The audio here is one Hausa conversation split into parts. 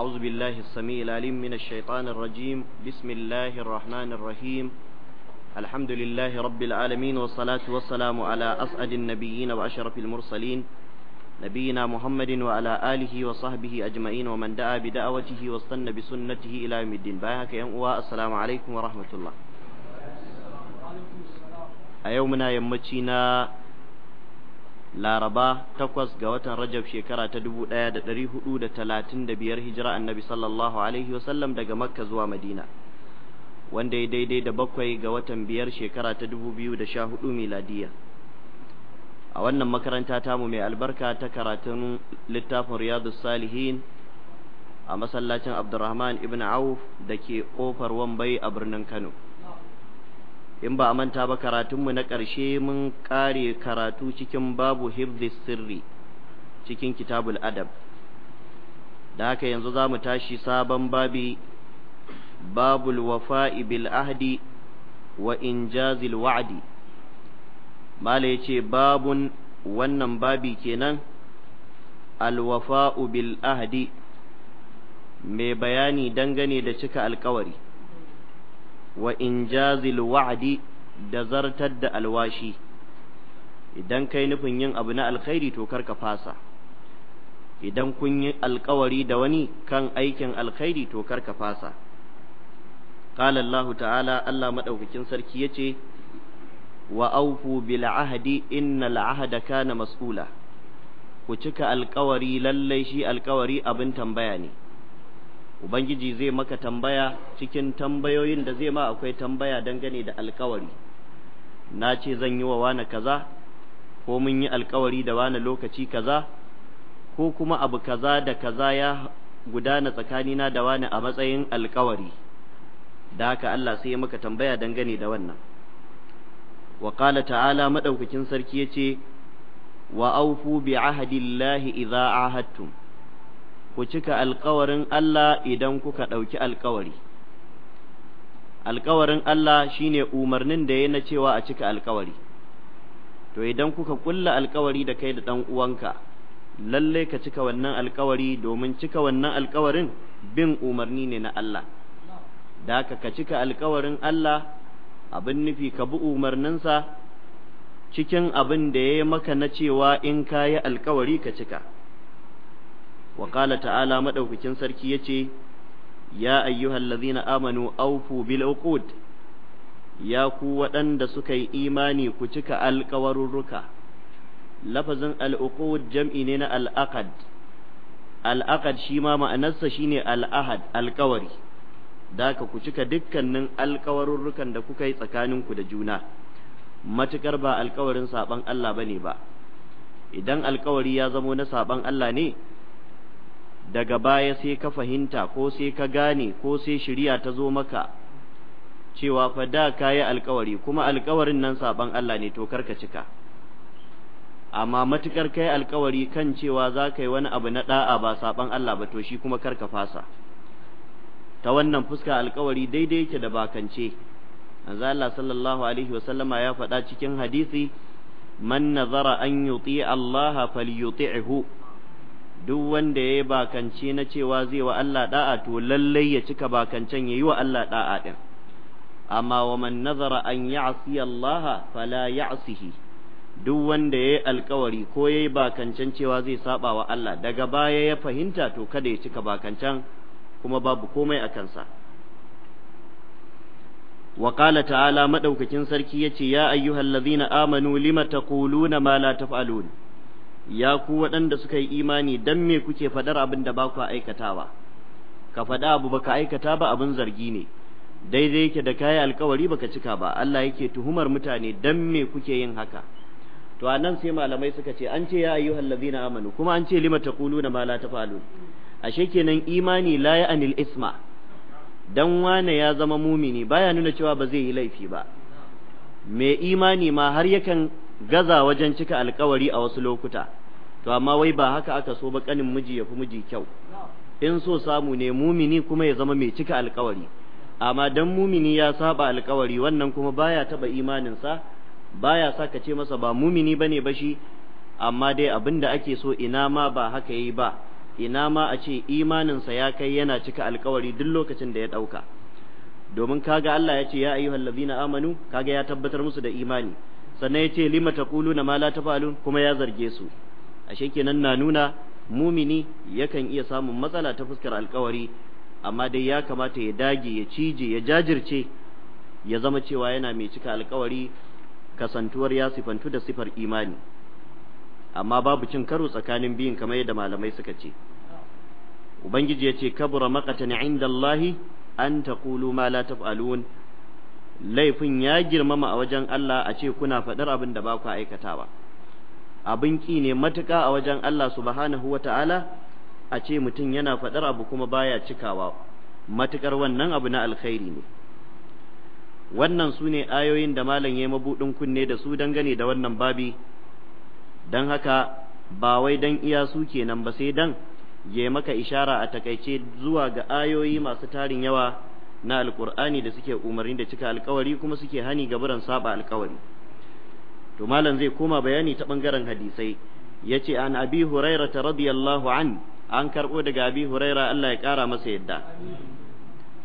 أعوذ بالله السميع العليم من الشيطان الرجيم بسم الله الرحمن الرحيم الحمد لله رب العالمين والصلاة والسلام على أسعد النبيين وأشرف المرسلين نبينا محمد وعلى آله وصحبه أجمعين ومن دعا بدعوته واستنى بسنته إلى يوم الدين باهك يا السلام عليكم ورحمة الله أيومنا يمتينا laraba takwas ga watan rajab shekara ta dubu ɗaya da ɗari hudu da talatin da biyar hijira annabi sallallahu alaihi wasallam daga makka zuwa madina wanda ya daidai da bakwai ga watan biyar shekara ta dubu biyu da sha hudu miladiya a wannan makaranta tamu mai albarka ta karatun littafin riyadu salihin a masallacin abdurrahman ibn auf da ke ƙofar wambai a birnin kano in ba a manta ba karatunmu na ƙarshe mun ƙare karatu cikin babu hibdis sirri cikin kitabul adab da haka yanzu za mu tashi sabon babi babul wafa'i bil ahdi wa injazil wa'adi mala ya ce babun wannan babi kenan alwafa'u bil ahdi mai bayani dangane da cika alkawari wa injazil wa'di da zartar da alwashi idan kai nufin yin abu na alkhairi to karka fasa idan kun yi alkawari da wani kan aikin alkhairi to karka fasa qala ta'ala Allah madaukakin sarki yace wa aufu bil ahdi innal ahda kana mas'ula ku cika alkawari lallai shi alkawari abin tambaya ne ubangiji zai maka tambaya cikin tambayoyin da zai ma akwai tambaya dangane da alkawari na ce zan yi wa wane kaza ko mun yi alkawari da wane lokaci kaza ko kuma abu kaza da kaza ya gudana tsakanina da wane a matsayin alkawari da haka Allah sai ya maka tambaya dangane da wannan wa qala ta'ala madaukakin sarki yace wa aufu bi iza idza ahadtum ku cika alkawarin Allah idan kuka ɗauki alkawari alkawarin Allah shi ne umarnin da ya na cewa a cika alkawari to idan kuka ƙulla alkawari da kai da ɗan uwanka lalle ka cika wannan alkawari domin cika wannan alkawarin bin umarni ne na Allah da haka ka cika alkawarin Allah abin nufi ka bi umarninsa cikin abin da ya yi maka na cewa in ka yi alkawari ka cika wa qala ta'ala madaukakin sarki yace ya ayyuhallazina amanu awfu bil ya ku waɗanda suka yi imani ku cika alƙawarurruka lafazin al'uqud jam'i ne na al'aqad al'aqad shi ma ma'anarsa shine al'ahad alƙawari da ku cika dukkanin alƙawarurrukan da kuka yi tsakaninku da juna matukar ba alƙawarin saɓan Allah ba ba idan alƙawari ya zamo na saɓan Allah ne daga baya sai ka fahimta ko sai ka gane ko sai shirya ta zo maka cewa fa da ka yi alkawari kuma alkawarin nan saban Allah ne to karka cika amma matukar kai alkawari kan cewa za ka yi wani abu na da'a ba saban Allah ba to shi kuma karka fasa ta wannan fuska alkawari daidai yake da bakance manzo Allah sallallahu alaihi wasallama ya faɗa cikin hadisi man nazara an yuti Allah falyuti'hu duk wanda ya yi bakance na cewa zai wa Allah da'a to lallai ya cika bakancen ya yi wa Allah da'a ɗin amma wa man nazara an ya'si Allah fala ya'sihi duk wanda ya yi alkawari ko ya yi bakancen cewa zai saba wa Allah daga baya ya fahimta to kada ya cika bakancen kuma babu komai a kansa wa qala ta'ala madaukakin sarki yace ya ayyuhallazina amanu lima taquluna ma la taf'alun ya ku waɗanda suka yi imani dan me kuke faɗar abin da ba ku aikatawa ka faɗa abu baka aikata ba abin zargi ne daidai yake da kayi alkawari baka cika ba Allah yake tuhumar mutane dan me kuke yin haka to anan sai malamai suka ce an ce ya ayyuhal ladzina amanu kuma an ce lima taquluna ma la tafalun ashe kenan imani la anil isma dan wane ya zama mumini baya nuna cewa ba zai yi laifi ba Me imani ma har yakan gaza wajen cika alkawari a wasu lokuta to amma wai ba haka aka so ba kanin miji ya fi miji kyau in so samu ne mumini kuma ya zama mai cika alkawari amma dan mumini ya saba alkawari wannan kuma baya taba imaninsa baya sa ka ce masa ba mumini bane ba shi amma dai abin da ake so ina ma ba haka yi ba ina ma a ce imaninsa ya kai yana cika alkawari duk lokacin da ya ɗauka domin kaga Allah ya ce ya ayyuhallazina amanu kaga ya tabbatar musu da imani sannan ya ce lima na ma la falun kuma ya zarge su ashe kenan na nuna mumini yakan iya samun matsala ta fuskar alkawari amma dai ya kamata ya dage ya cije ya jajirce ya zama cewa yana mai cika alkawari kasantuwar ya sifantu da sifar imani amma babu cin karo tsakanin biyun kamar yadda malamai suka ce ubangiji ya ce kabura maqatan inda allahi an taqulu ma la taf'alun laifin ya girmama a wajen Allah a ce kuna faɗar abin da ba ku aikatawa abin ƙi ne matuƙa a wajen Allah subhanahu wa ta'ala a ce mutum yana faɗar abu kuma baya cikawa matuƙar wannan abu na alkhairi ne wannan su ne ayoyin da malam ya mabuɗin kunne da su dangane da wannan babi don haka ba wai dan iya su kenan ba sai dan ya maka ishara a takaice zuwa ga ayoyi masu tarin yawa na Alƙur'ani da suke umarni da cika alkawari kuma suke hani gaburan saba alkawari to malam zai koma bayani ta ɓangaren hadisai yace an abi ta radiyallahu an an karɓo daga abi huraira. Allah ya kara masa yadda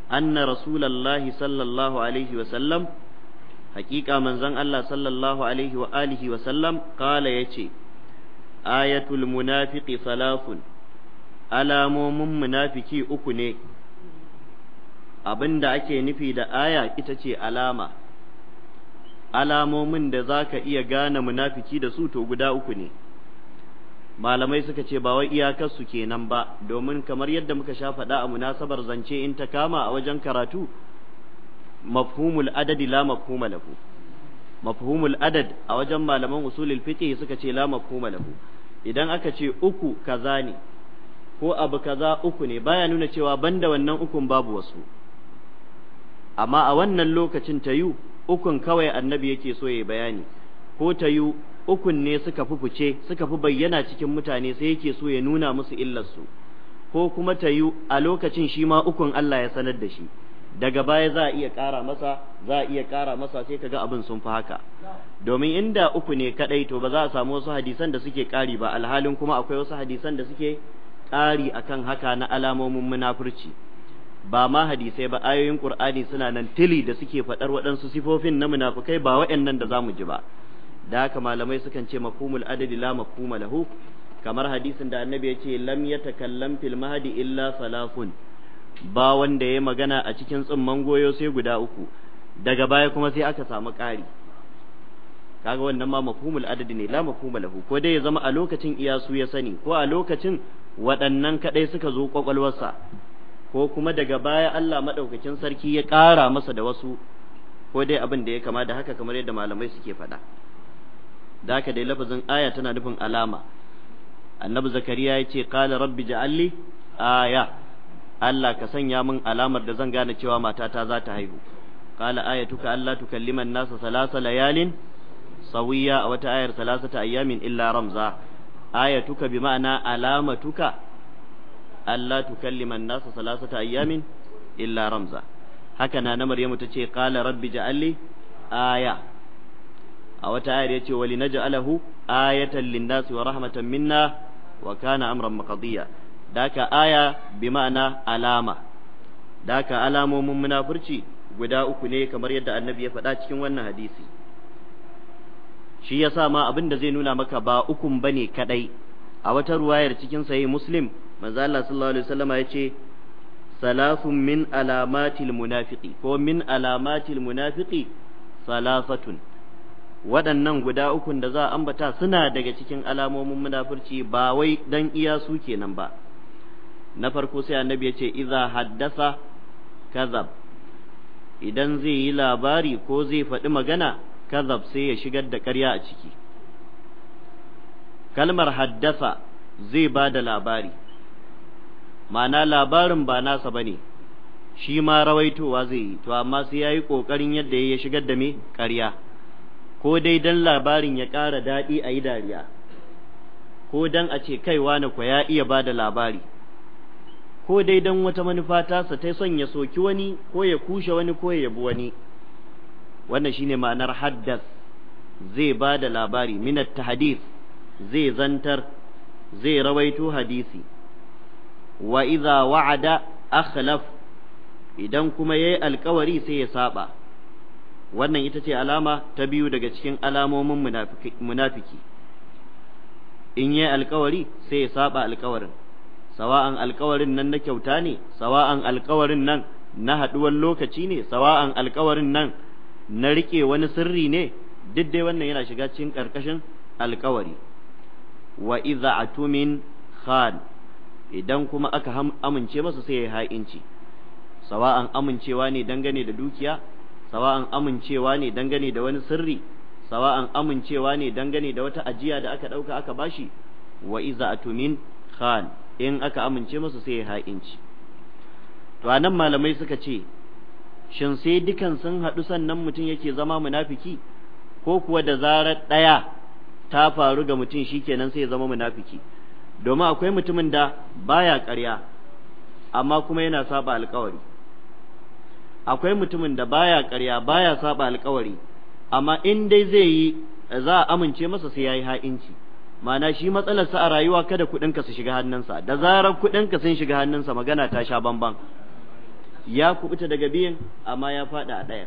anna rasulullahi sallallahu alaihi wa sallam haƙiƙa manzon Allah sallallahu alaihi wa alihi wa sallam kala yace ayatul munafiqi salafun alamomin munafiki uku ne Abin da ake nufi da aya ita ce alama alamomin da za ka iya gane munafiki da su to guda uku ne malamai suka ce ba wai iyakarsu kenan ba domin kamar yadda muka sha faɗa a munasabar zance in ta kama a wajen karatu mafhumul adadi la mafhuma lahu mafhumul adad a wajen malaman usulul fiqh suka ce la mafhuma lahu idan aka ce uku kaza ne ko abu kaza uku ne baya nuna cewa banda wannan ukun babu wasu amma a wannan lokacin ta yi ukun kawai annabi yake so ya bayani ko ta yi ukun ne suka fi fice suka fi bayyana cikin mutane sai yake so ya nuna musu illarsu ko kuma ta yi a lokacin shi ma ukun Allah ya sanar da shi daga baya za a iya ƙara masa za a iya ƙara masa sai kaga abin sun fi haka domin inda uku ne kadai to ba za a samu wasu hadisan da suke ƙari ba alhalin kuma akwai wasu hadisan da suke ƙari akan haka na alamomin munafurci ba ma hadisai ba ayoyin qur'ani suna nan tili da suke faɗar waɗansu sifofin na munafukai ba waɗannan da zamu ji ba da haka malamai sukan ce mafhumul adadi la mafhuma lahu kamar hadisin da annabi ya ce lam yatakallam fil mahdi illa salafun ba wanda ya magana a cikin tsumman goyo sai guda uku daga baya kuma sai aka samu ƙari kaga wannan ma mafhumul adadi ne la mafhuma lahu ko dai ya zama a lokacin iyasu ya sani ko a lokacin waɗannan kaɗai suka zo kwakwalwarsa ko kuma daga baya Allah maɗaukakin sarki ya ƙara masa da wasu ko dai abin da ya kama da haka kamar yadda malamai suke faɗa da haka dai lafazin aya tana nufin alama annabi zakariya ya ce qala rabbi ja'alli aya Allah ka sanya min alamar da zan gane cewa matata za ta haihu qala Allah alla tukalliman nasa salasa layalin sawiya a wata ayar salasata ayyamin illa ramza ayatuka bi ma'ana alamatuka alla tukalliman nasa salasata ayyamin illa ramza haka na na maryamu tace qala rabbi ja'alli aya a wata ayar yace wali naj'alahu ayatan lin-nas wa rahmatan minna wa kana amran maqdiya daka aya bi ma'ana alama daka alamomin munafurci guda uku ne kamar yadda annabi ya faɗa cikin wannan hadisi shi yasa ma abin da zai nuna maka ba ukun bane kadai a wata ruwayar cikin sahih muslim manzo sallallahu alaihi wasallama yace salasun min alamatil munafiqi ko min alamatil munafiqi salafatun waɗannan guda ukun da za a ambata suna daga cikin alamomin munafurci ba wai dan iya su kenan ba na farko sai annabi ya ce iza haddasa kazab idan zai yi labari ko zai faɗi magana kazab sai ya shigar da ƙarya a ciki kalmar haddasa zai ba da labari ma'ana labarin ba nasa ba ne. shi ma rawaitowa zai yi to amma sai ya yi ƙoƙarin yadda ya shigar da me ƙarya ko dai dan labarin ya ƙara daɗi a yi dariya ko dan a ce kaiwa na ku ya iya ba da labari ko dai don wata manufa tasa ta son ya soki wani ko ya kushe wani ko ya yabi wani wannan shine ma'anar haddas zai ba da labari minat hadis, zai zantar zai rawaito hadisi wa idza wa'ada akhlaf idan kuma yayi alkawari sai ya saba wannan ita ce alama ta biyu daga cikin alamomin munafiki in yayi alkawari sai ya saba alkawarin sawa'an alkawarin nan na kyauta ne sawa'an alkawarin nan na haduwar lokaci ne sawa'an alkawarin nan na rike wani sirri ne duk dai wannan yana shiga cikin karkashin alkawari wa idza atumin khan idan kuma aka amince masa sai ya ha'inci sawa'an amincewa ne dangane da dukiya sawa'an amincewa ne dangane da wani sirri sawa'an amincewa ne dangane da wata ajiya da aka ɗauka aka bashi wa iza atumin khan in aka amince masa sai ya ha'inci to anan malamai suka ce shin sai dukan sun haɗu sannan mutum yake zama munafiki ko kuwa da zarar ɗaya ta faru ga mutum shikenan sai ya zama munafiki domin akwai mutumin da baya ƙarya amma kuma yana saba alƙawari, akwai mutumin da baya ƙarya baya saba alƙawari amma in dai zai yi za a amince masa sai yayi ha'inci mana shi matsalar matsalarsa a rayuwa kada kuɗinka su shiga hannunsa da zarar kuɗinka sun shiga hannunsa magana ta sha bamban ya kubuta daga biyan amma ya faɗa a ɗaya.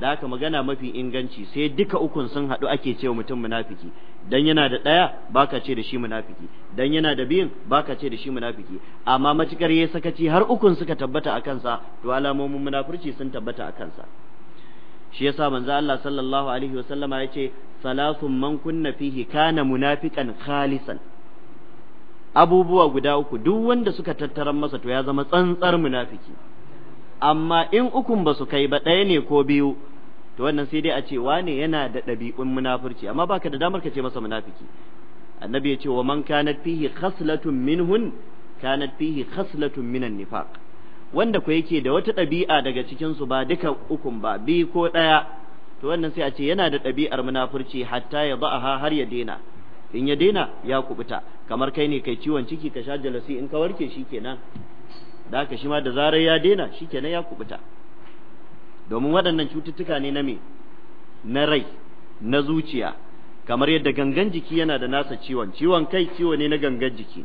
da haka magana mafi inganci sai duka ukun sun haɗu ake cewa mutum munafiki dan yana da ɗaya baka ce da shi munafiki dan yana da biyun baka ce da shi munafiki amma matukar yayi sakaci har ukun suka tabbata a kansa to alamomin munafurci sun tabbata a kansa shi yasa manzo Allah sallallahu alaihi wasallama yace salasun man kunna fihi kana munafiqan khalisan abubuwa guda uku duk wanda suka tattaran masa to ya zama tsantsar munafiki amma in ukun ba su kai ba ɗaya ne ko biyu to wannan sai dai a ce wane yana da ɗabi'un munafurci amma baka da damar ka ce masa munafiki annabi ya ce wa man kanat fihi khaslatun minhun kanat fihi khaslatun minan nifaq wanda ko yake da wata ɗabi'a daga cikin su ba duka ukun ba bi ko ɗaya to wannan sai a ce yana da ɗabi'ar munafurci hatta ya ha har ya daina in ya daina ya kubuta kamar kai ne kai ciwon ciki ka sha jalasi in ka warke shikenan da haka shi ma da zarar ya daina shikenan ya kubuta domin waɗannan cututtuka ne na me na rai na zuciya kamar yadda gangan jiki yana da nasa ciwon ciwon kai ciwo ne na gangan jiki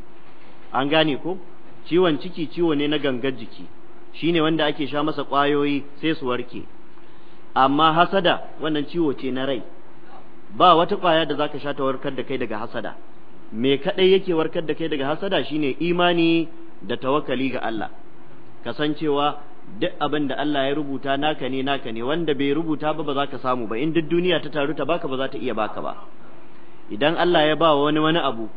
an gane ko ciwon ciki ciwo ne na gangan jiki shine wanda ake sha masa ƙwayoyi sai su warke amma hasada wannan ciwo ce na rai ba wata ƙwaya da zaka sha ta warkar da kai daga hasada me kadai yake warkar da kai daga hasada shine imani da tawakali ga Allah kasancewa duk abin da Allah ya rubuta naka ne naka ne wanda bai rubuta ba ba za ka samu ba in duk duniya ta taru ta baka ba za ta iya baka ba idan Allah ya ba wani wani abu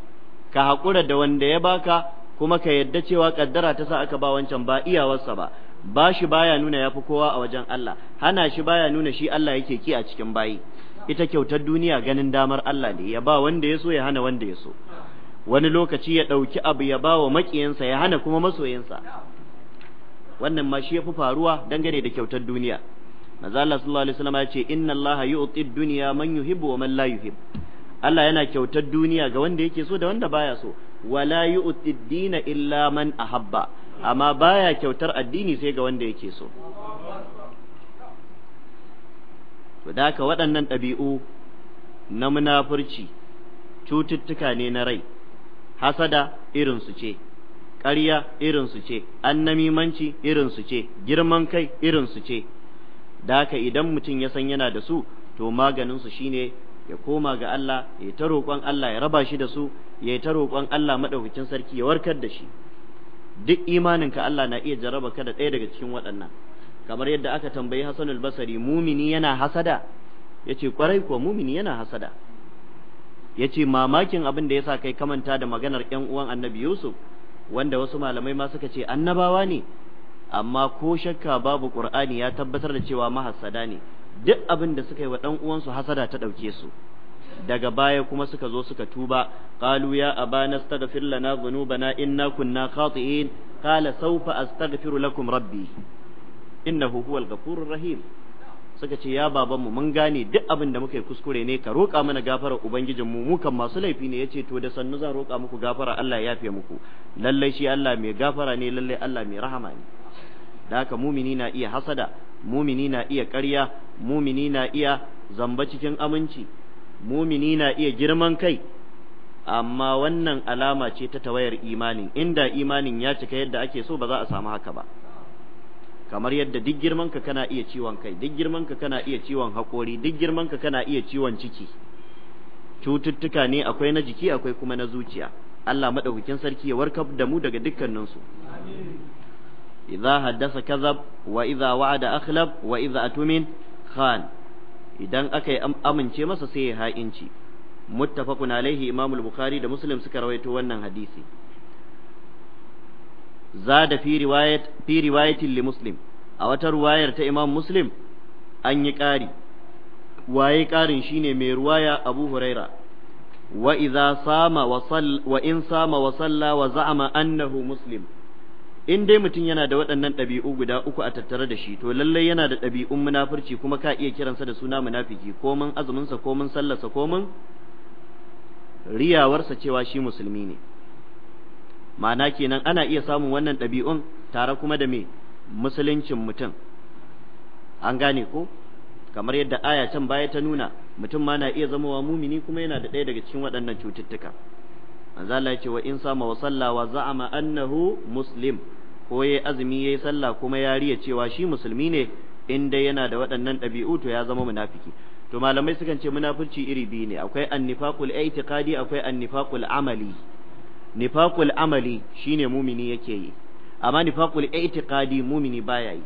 ka haƙura da wanda ya baka kuma ka yadda cewa kaddara ta sa aka ba wancan ba iyawarsa ba ba shi baya nuna yafi kowa a wajen Allah hana shi baya nuna shi Allah yake ki a cikin bayi ita kyautar duniya ganin damar Allah ne ya ba wanda ya so ya hana wanda ya so wani lokaci ya ɗauki abu ya ba wa maƙiyansa ya hana kuma masoyinsa wannan ma shi yafi faruwa dangane da kyautar duniya manzo Allah sallallahu alaihi wasallam ya ce inna Allah yu'ti dunya man yuhibbu wa man la yuhib Allah yana kyautar duniya ga wanda yake so da wanda baya so wala yu'ti dina illa man ahabba amma baya kyautar addini sai ga wanda yake so to da haka waɗannan ɗabi'u na munafurci cututtuka ne na rai hasada irin su ce ƙarya irinsu ce annamimanci irinsu ce girman kai irinsu ce da haka idan mutum ya san yana da su to maganinsu shine ya koma ga Allah ya ta roƙon Allah ya raba shi da su ya ta roƙon Allah maɗaukakin sarki ya warkar da shi duk imaninka Allah na iya jaraba ka da ɗaya daga cikin waɗannan kamar yadda aka tambayi Hassan al mumini yana hasada yace kwarai ko mumini yana hasada yace mamakin abin da yasa kai kamanta da maganar ƴan uwan Annabi Yusuf wanda wasu malamai ma suka ce annabawa ne amma ko shakka babu qur'ani ya tabbatar da cewa mahassada ne duk abin da suka yi wa dan uwansu hasada ta dauke su daga baya kuma suka zo suka tuba qalu ya abana astaghfir lana dhunubana inna kunna khati'in qala sawfa astaghfiru lakum rabbi innahu huwal ghafurur rahim suka ce ya babanmu mun gane duk abin da muka yi kuskure ne ka roƙa mana gafarar ubangijin mu kan masu laifi ne yace to da sannu zan roƙa muku gafara Allah ya fiye muku lallai shi Allah mai gafara ne lallai Allah mai rahama ne da haka mumini na iya hasada mumini na iya ƙarya mumini na iya zamba cikin aminci mumini na iya girman kai amma wannan alama ce ta tawayar imanin inda imanin ya cika yadda ake so ba za a samu haka ba kamar yadda duk girman ka kana iya ciwon kai duk girman kana iya ciwon hakori duk girman kana iya ciwon ciki cututtuka ne akwai na jiki akwai kuma na zuciya Allah madaukakin sarki ya warkar da mu daga dukkaninsu. su idza haddasa kazab wa idza wa'ada akhlab wa idza atumin khan idan aka yi amince masa sai ya ha'inci muttafaqun alaihi imamul bukhari da muslim suka rawaito wannan hadisi zada في رواية في رواية لمسلم أو a wata ruwayar ta imam muslim an yi ƙari waye ƙarin shine mai ruwaya abu huraira wa idza in annahu in dai mutum yana da waɗannan ɗabi'u guda uku a tattare da shi to lallai yana da ɗabi'un munafurci kuma ka iya kiransa da suna munafiki komin azuminsa mun sallarsa komin riyawarsa cewa shi musulmi ne ma'ana kenan ana iya samun wannan ɗabi'un tare kuma da me musuluncin mutum an gane ko kamar yadda aya can baya ta nuna mutum ma na iya zama wa mumini kuma yana da ɗaya daga cikin waɗannan cututtuka manzo Allah ya wa in sama wa salla wa za'ama annahu muslim ko yayi azumi yayi sallah kuma ya riya cewa shi musulmi ne in dai yana da waɗannan ɗabi'u to ya zama munafiki to malamai sukan ce munafurci iri biyu ne akwai annifaqul i'tiqadi akwai annifaqul amali nifaqul amali shine mumini yake yi amma nifaqul i'tiqadi mumini baya yi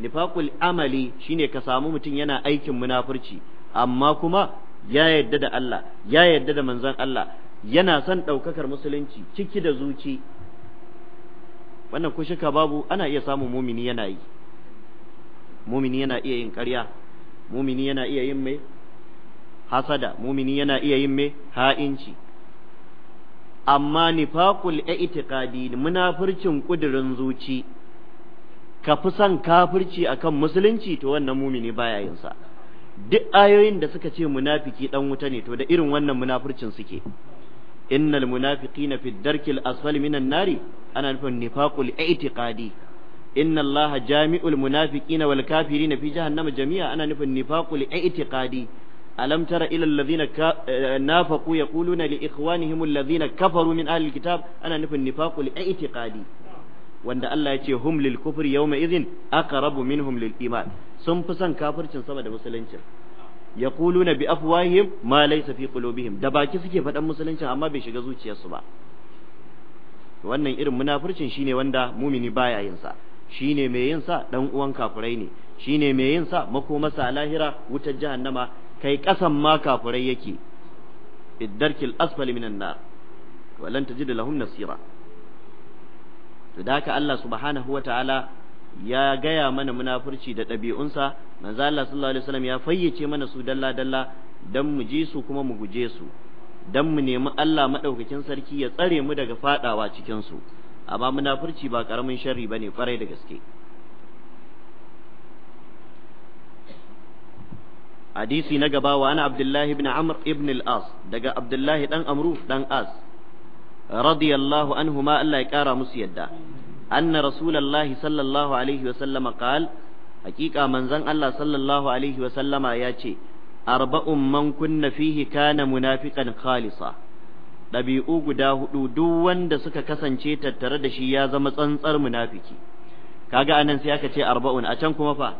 nifaqul amali shine ka samu mutum yana aikin munafurci amma kuma ya yadda da Allah ya yadda da manzon Allah yana son ɗaukakar musulunci ciki da zuci wannan kushika babu ana iya samun mumini yana yi mumini yana iya yin ƙarya mumini yana iya yin mai hasada mumini yana iya yin mai ha'inci amma nifaqul i'tiqadi munafircin kudirin zuci ka fi son kafirci akan musulunci to wannan mumini baya yin sa duk ayoyin da suka ce munafiki dan wuta ne to da irin wannan munafircin suke innal munafiqina fi darkil asfali minan nari ana nufin nifaqul i'tiqadi inna allaha jami'ul munafiqina wal kafirina fi jahannama jami'a ana nufin nifaqul i'tiqadi alam tara ila alladhina nafaqu yaquluna li ikhwanihim alladhina kafaru min ahli alkitab ana nufin nifaqul i'tiqadi wanda Allah ya ce hum lil kufri yawma idhin aqrabu minhum lil iman sun fi son kafircin sama da musulunci yaquluna bi afwahihim ma laysa fi qulubihim da baki suke faɗan musulunci amma bai shiga zuciyarsu ba wannan irin munafircin shine wanda mumini baya yin sa shine mai yin sa dan uwan kafirai ne shine mai yin sa makomasa lahira wutar jahannama kai kasan ma kafurai yake iddarkil asfali minan nar wa lan tajid lahum nasira to da Allah subhanahu wataala ya gaya mana munafurci da ɗabi'unsa manzo Allah sallallahu alaihi wasallam ya fayyace mana su dalla dalla dan mu ji su kuma mu guje su dan mu nemi Allah madaukakin sarki ya tsare mu daga fadawa cikin su amma munafurci ba karamin sharri bane kwarai da gaske hadisi na gaba wa ana abdullahi ibn amr ibn al-as daga abdullahi dan amru dan as radiyallahu anhuma Allah ya kara musu yadda anna rasulullahi sallallahu alaihi wa sallama qal hakika manzon Allah sallallahu alaihi wa sallama ya ce arba'un man kunna fihi kana munafiqan khalisa ɗabi'u guda hudu duk wanda suka kasance tattare da shi ya zama tsantsar munafiki kaga anan sai aka ce arba'un a can kuma fa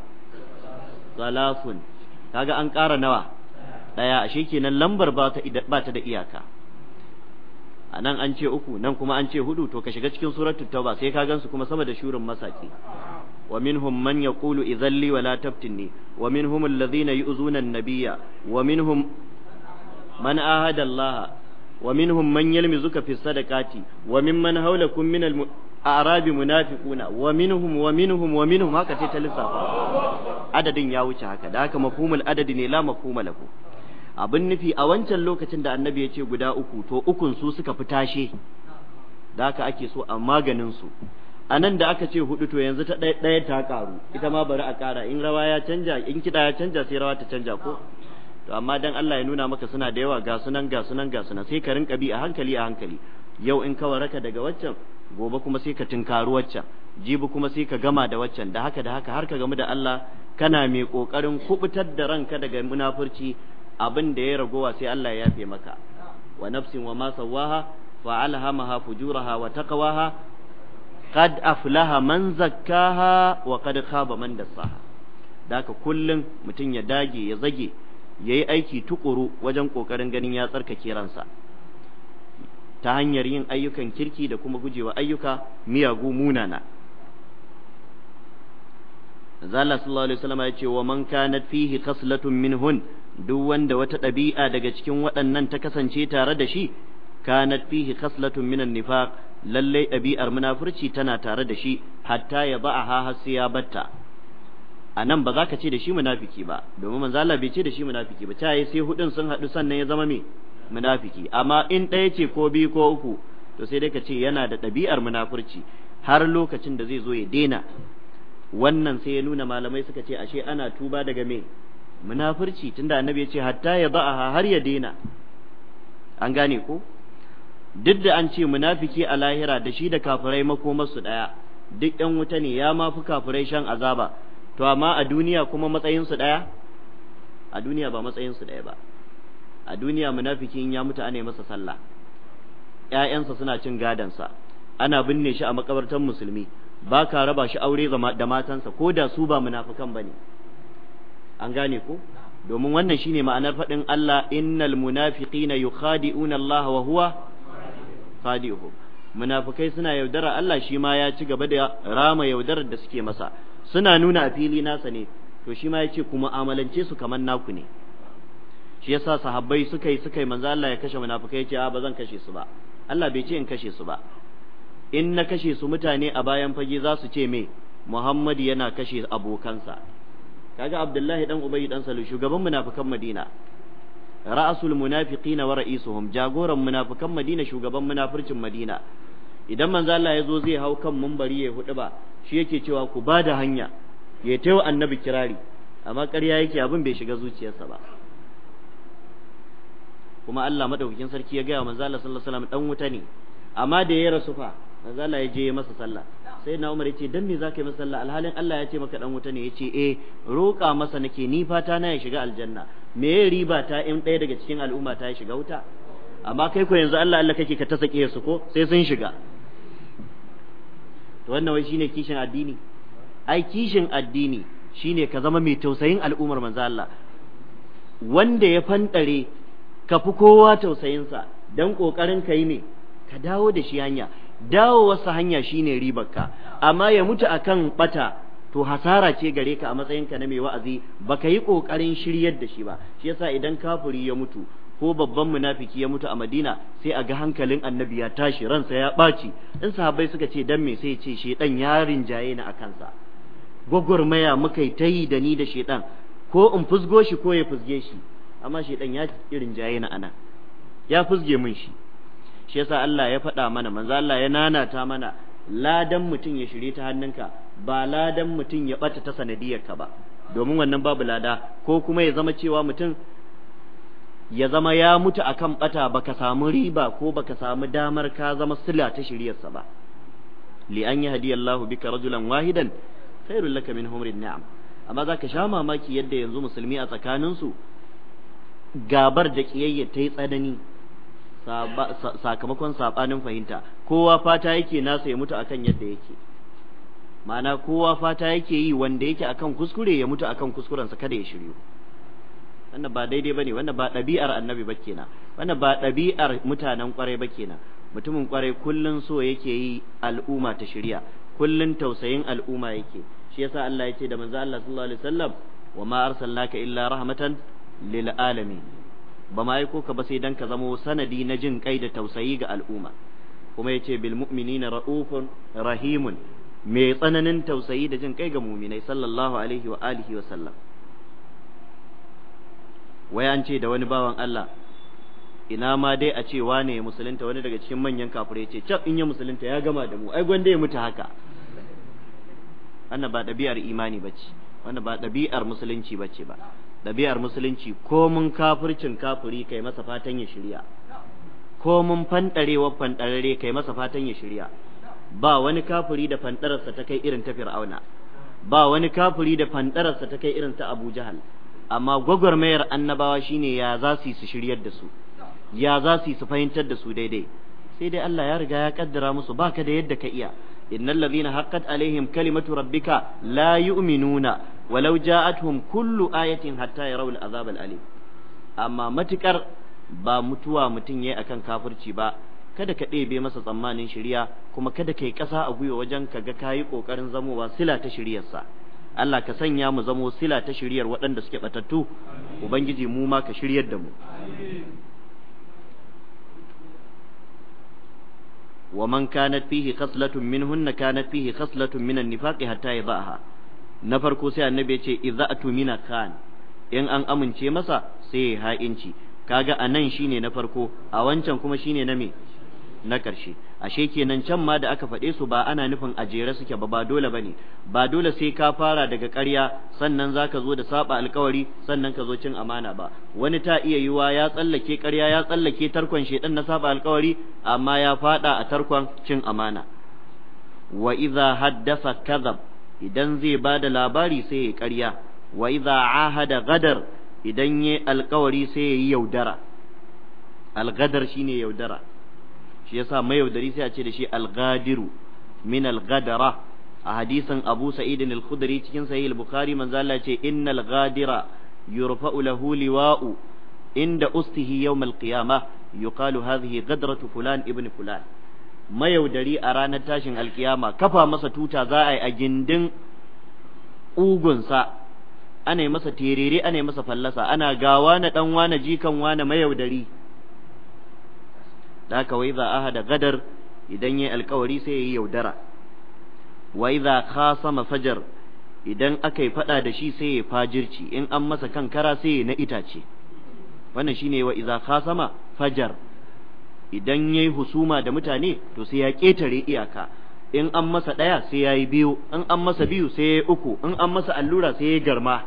salasun kaga an ƙara nawa ɗaya ashe kenan lambar ba ta da iyaka a nan an ce uku nan kuma an ce hudu to ka shiga cikin suratul tauba sai ka gansu kuma sama da shurin masaki wa minhum man yaqulu idhalli wa la tabtinni wa minhum alladhina yu'zuna an-nabiyya wa minhum man ahada Allah wa minhum man yalmizuka fi sadaqati wa mimman hawlakum min al a arabi munafiquna wa minhum wa minhum wa minhum haka ce ta lissafa adadin ya wuce haka da haka mafhumul adadi ne la mafhuma lahu abin nufi a wancan lokacin da annabi ya ce guda uku to ukun su suka fi tashe da haka ake so a maganin su a nan da aka ce hudu to yanzu ta ɗaya ta karu ita ma bari a kara in rawa ya canja in kiɗa ya canja sai rawa ta canja ko to amma dan Allah ya nuna maka suna da yawa ga sunan ga sunan ga sunan sai ka rinka bi a hankali a hankali yau in ka waraka daga waccan gobe kuma sai ka tinkari waccan jibi kuma sai ka gama da waccan da haka da haka har ka gamu da Allah kana mai kokarin kubutar da ranka daga munafurci abin da ya ragowa sai Allah ya yafe maka wa nafsin wa ma sawaha fa alhamaha fujuraha wa taqwaha qad aflaha man zakkaha wa qad khaba man dassaha da haka kullum mutum ya dage ya zage yayi aiki tukuru wajen kokarin ganin ya tsarkake ransa ta hanyar yin ayyukan kirki da kuma gujewa ayyuka miyagu munana zalla sallallahu alaihi wasallam ya ce wa man kanat fihi khaslatun minhun duk wanda wata ɗabi'a daga cikin waɗannan ta kasance tare da shi kanat fihi khaslatun minan nifaq lalle ɗabi'ar munafurci tana tare da shi hatta ya ba'aha ha sai ya batta a nan ba za ka ce da shi munafiki ba domin manzo Allah bai ce da shi munafiki ba cewa sai hudun sun haɗu sannan ya zama me munafiki amma in ɗaya ce ko biyu ko uku to sai dai ka ce yana da ɗabi'ar munafurci har lokacin da zai zo ya daina wannan sai ya nuna malamai suka ce ashe ana tuba daga me munafurci tunda annabi ya ce hatta ya ba'aha har ya daina an gane ko duk da an ce munafiki a lahira da shi da kafirai makomarsu ɗaya duk ɗan wuta ne ya ma fi kafirai shan azaba to amma a duniya kuma matsayinsu ɗaya a duniya ba matsayinsu ɗaya ba a duniya munafikin ya mutu ana masa sallah ƴaƴansa suna cin gadansa ana binne shi a makabartar musulmi ba ka raba shi aure da matansa ko da su ba munafikan bane an gane ko domin wannan shine ma'anar faɗin Allah innal munafiqina yukhadi'una Allah wa huwa khadi'uhum munafikai suna yaudara Allah shi ma ya ci gaba da rama yaudarar da suke masa suna nuna a fili nasa ne to shi ma ya ce ku mu'amalance su kamar naku ne shi yasa sahabbai suka yi suka yi manzo Allah ya kashe munafikai yace a ba zan kashe su ba Allah bai ce in kashe su ba in na kashe su mutane a bayan fage za su ce me Muhammad yana kashe abokansa kaga Abdullahi dan Ubayy dan Salu shugaban munafikan Madina ra'asul na wa ra'isuhum jagoran munafikan Madina shugaban munafircin Madina idan manzo Allah ya zo zai hau kan mumbari ya hudu ba shi yake cewa ku ba da hanya ya taiwa annabi kirari amma ƙarya yake abin bai shiga zuciyarsa ba kuma Allah madaukakin sarki ya gaya wa manzo Allah sallallahu alaihi wasallam dan wuta ne amma da ya rasu fa manzo Allah ya je masa sallah sai na Umar yace dan me zaka yi masa sallah alhalin Allah ya ce maka dan wuta ne ya ce. eh roƙa masa nake ni fata na ya shiga aljanna me ya riba ta in ɗaya daga cikin al'umma ta ya shiga wuta amma kai ko yanzu Allah Allah kake ka ta sake su ko sai sun shiga to wannan wai shine kishin addini ai kishin addini shine ka zama mai tausayin al'ummar manzo Allah wanda ya fanɗare. ka fi kowa tausayinsa don ƙoƙarin ka yi ne ka dawo da shi hanya dawo wasu hanya shi shine ribarka amma ya mutu a kan ɓata to hasara ce gare ka a matsayinka na mai wa'azi ba ka yi ƙoƙarin shiryar da shi ba shi yasa idan kafuri ya mutu ko babban munafiki ya mutu a Madina sai a ga hankalin annabi ya tashi ransa ya ɓaci in sahabbai suka ce dan me sai ce shedan ya rinjaye ni a kansa gwagwarmaya muka yi ta yi da ni da shedan ko in fusgo shi ko ya fusge shi amma dan ya irin jaye na ana ya fusge mun shi shi yasa Allah ya faɗa mana manzo Allah ya nanata mana ladan mutum ya shirye ta hannunka ba ladan mutum ya ɓata ta sanadiyarka ba domin wannan babu lada ko kuma ya zama cewa mutum ya zama ya mutu akan bata baka samu riba ko baka samu damar ka zama sila ta shiryarsa ba li an yahdi Allahu bika rajulan wahidan khairul laka min humrin ni'am amma zaka sha mamaki yadda yanzu musulmi a tsakaninsu su gabar da kiyayya ta yi tsanani sakamakon sabanin fahimta kowa fata yake nasa ya mutu akan yadda yake ma'ana kowa fata yake yi wanda yake akan kuskure ya mutu akan kuskurensa kada ya shiryu wannan ba daidai bane wannan ba ɗabi'ar annabi ba kenan wannan ba ɗabi'ar mutanen kwarai ba kenan mutumin kwarai kullun so yake yi al'umma ta shirya kullun tausayin al'umma yake shi yasa Allah ya ce da manzo Allah sallallahu alaihi wasallam wa ma arsalnaka illa rahmatan lil alami, ba ma aiko ka ba sai dan ka zamo sanadi na jin kai da tausayi ga al'umma kuma yace bil mu'minina ra'ufun rahimun mai tsananin tausayi da jin kai ga mu'minai sallallahu alaihi wa alihi wa sallam wai an ce da wani bawan Allah ina ma dai a ce wane musulunta wani daga cikin manyan kafirai ce can in ya musulunta ya gama da mu ai gwanda ya mutu haka wannan ba ɗabi'ar imani bace wannan ba ɗabi'ar musulunci bace ba ɗabi'ar musulunci ko mun kafircin kafiri kai masa fatan ya shirya ko mun fanɗarewar fanɗarare kai masa fatan ya shirya ba wani kafiri da fanɗararsa ta kai irin ta fir'auna ba wani kafuri da fanɗararsa ta kai irin ta abu jahal amma gwagwarmayar annabawa shine ya za su su shiryar da su ya za su su fahimtar da su daidai sai dai Allah ya riga ya kaddara musu baka da yadda ka iya innal ladhina haqqat alaihim kalimatu rabbika la yu'minuna walau ja'atuhum kullu ayatin hatta yarawul azab al amma matukar ba mutuwa mutum yayi akan kafurci ba kada ka ɗebe masa tsammanin shirya kuma kada ka yi ƙasa a gwiwa wajen ka ga kayi ƙoƙarin zamowa sila ta shiryarsa Allah ka sanya mu zamo sila ta shiryar waɗanda suke ɓatattu Ubangiji mu ma ka shiryar da mu ومن كانت فيه خصلة منهن كانت فيه خصلة من النفاق حتى يضعها نفرقو سي النبي يتي إذا أتمنى كان إن أن أمن مسا سي هاي إنشي كاغا أنن شيني نفرقو أوانشان كما شيني نمي na ƙarshe ashe kenan can ma da aka faɗe su ba ana nufin a suke ba ba dole bane ba dole sai ka fara daga ƙarya sannan zaka zo da saba alƙawari sannan ka zo cin amana ba wani ta iya yiwa ya tsallake ƙarya ya tsallake tarkon shedan na saba alƙawari, amma ya faɗa a tarkon cin amana wa idza haddasa kadhab idan zai da labari sai ya ƙarya wa idza ahada gadar idan yi alƙawari sai yayi yaudara shi shine yaudara shi yasa mayaudari sai a ce da shi al-ghadiru min al-ghadara a hadisin Abu Sa'id al-Khudri cikin sahih al-Bukhari manzo Allah ce innal ghadira yurfa'u lahu liwa'u inda ustihi yawm al-qiyamah yuqalu hadhihi ghadratu fulan ibn fulan mayaudari a ranar tashin alkiyama kafa masa tuta za a yi a gindin ugunsa ana masa terere ana masa fallasa ana gawa na dan wane jikan wane mayaudari da haka wai za da gadar idan yayi alkawari sai yayi yaudara wai za sama fajar idan aka yi faɗa da shi sai ya fajirci in an masa kankara sai ya na itace wannan shine wa iza sama fajar idan yayi husuma da mutane to sai ya ƙetare iyaka in an masa ɗaya sai ya yi biyu in an masa biyu sai ya yi uku in an masa allura sai ya garma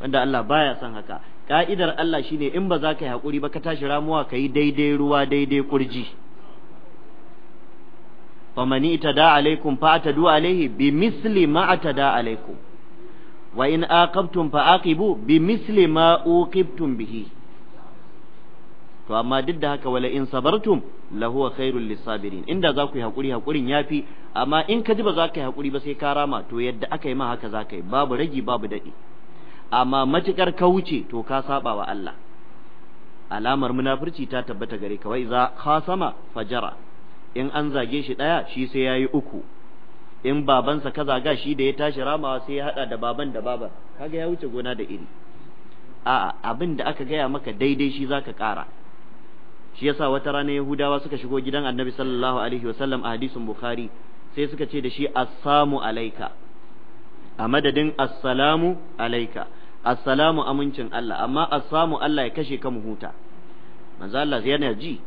wanda Allah baya son haka ka'idar Allah shine in ba za ka yi haƙuri ba ka tashi ramuwa ka yi daidai ruwa daidai kurji famani itada alaikum fa atadu alaihi bi misli ma atada alaikum wa in aqabtum fa aqibu bi misli ma uqibtum bihi to amma duk da haka wala in sabartum huwa khairul lisabirin inda za ku yi haƙuri haƙurin yafi amma in ka ji ba za ka yi haƙuri ba sai ka rama to yadda aka yi ma haka za ka yi babu ragi babu daɗi amma matukar ka wuce to ka saba wa Allah alamar munafurci ta tabbata gare ka wai za khasama fajara in an zage shi daya shi sai yayi uku in babansa ka zaga shi da ya tashi ramawa sai ya hada da baban da baban kaga ya wuce gona da iri a abin da aka gaya maka daidai shi zaka kara shi yasa wata rana yahudawa suka shigo gidan annabi sallallahu alaihi wasallam a hadisin bukhari sai suka ce da shi assamu alaika a madadin assalamu alaika assalamu amincin Allah amma assamu Allah ya kashe ka mu huta manzo Allah yana ji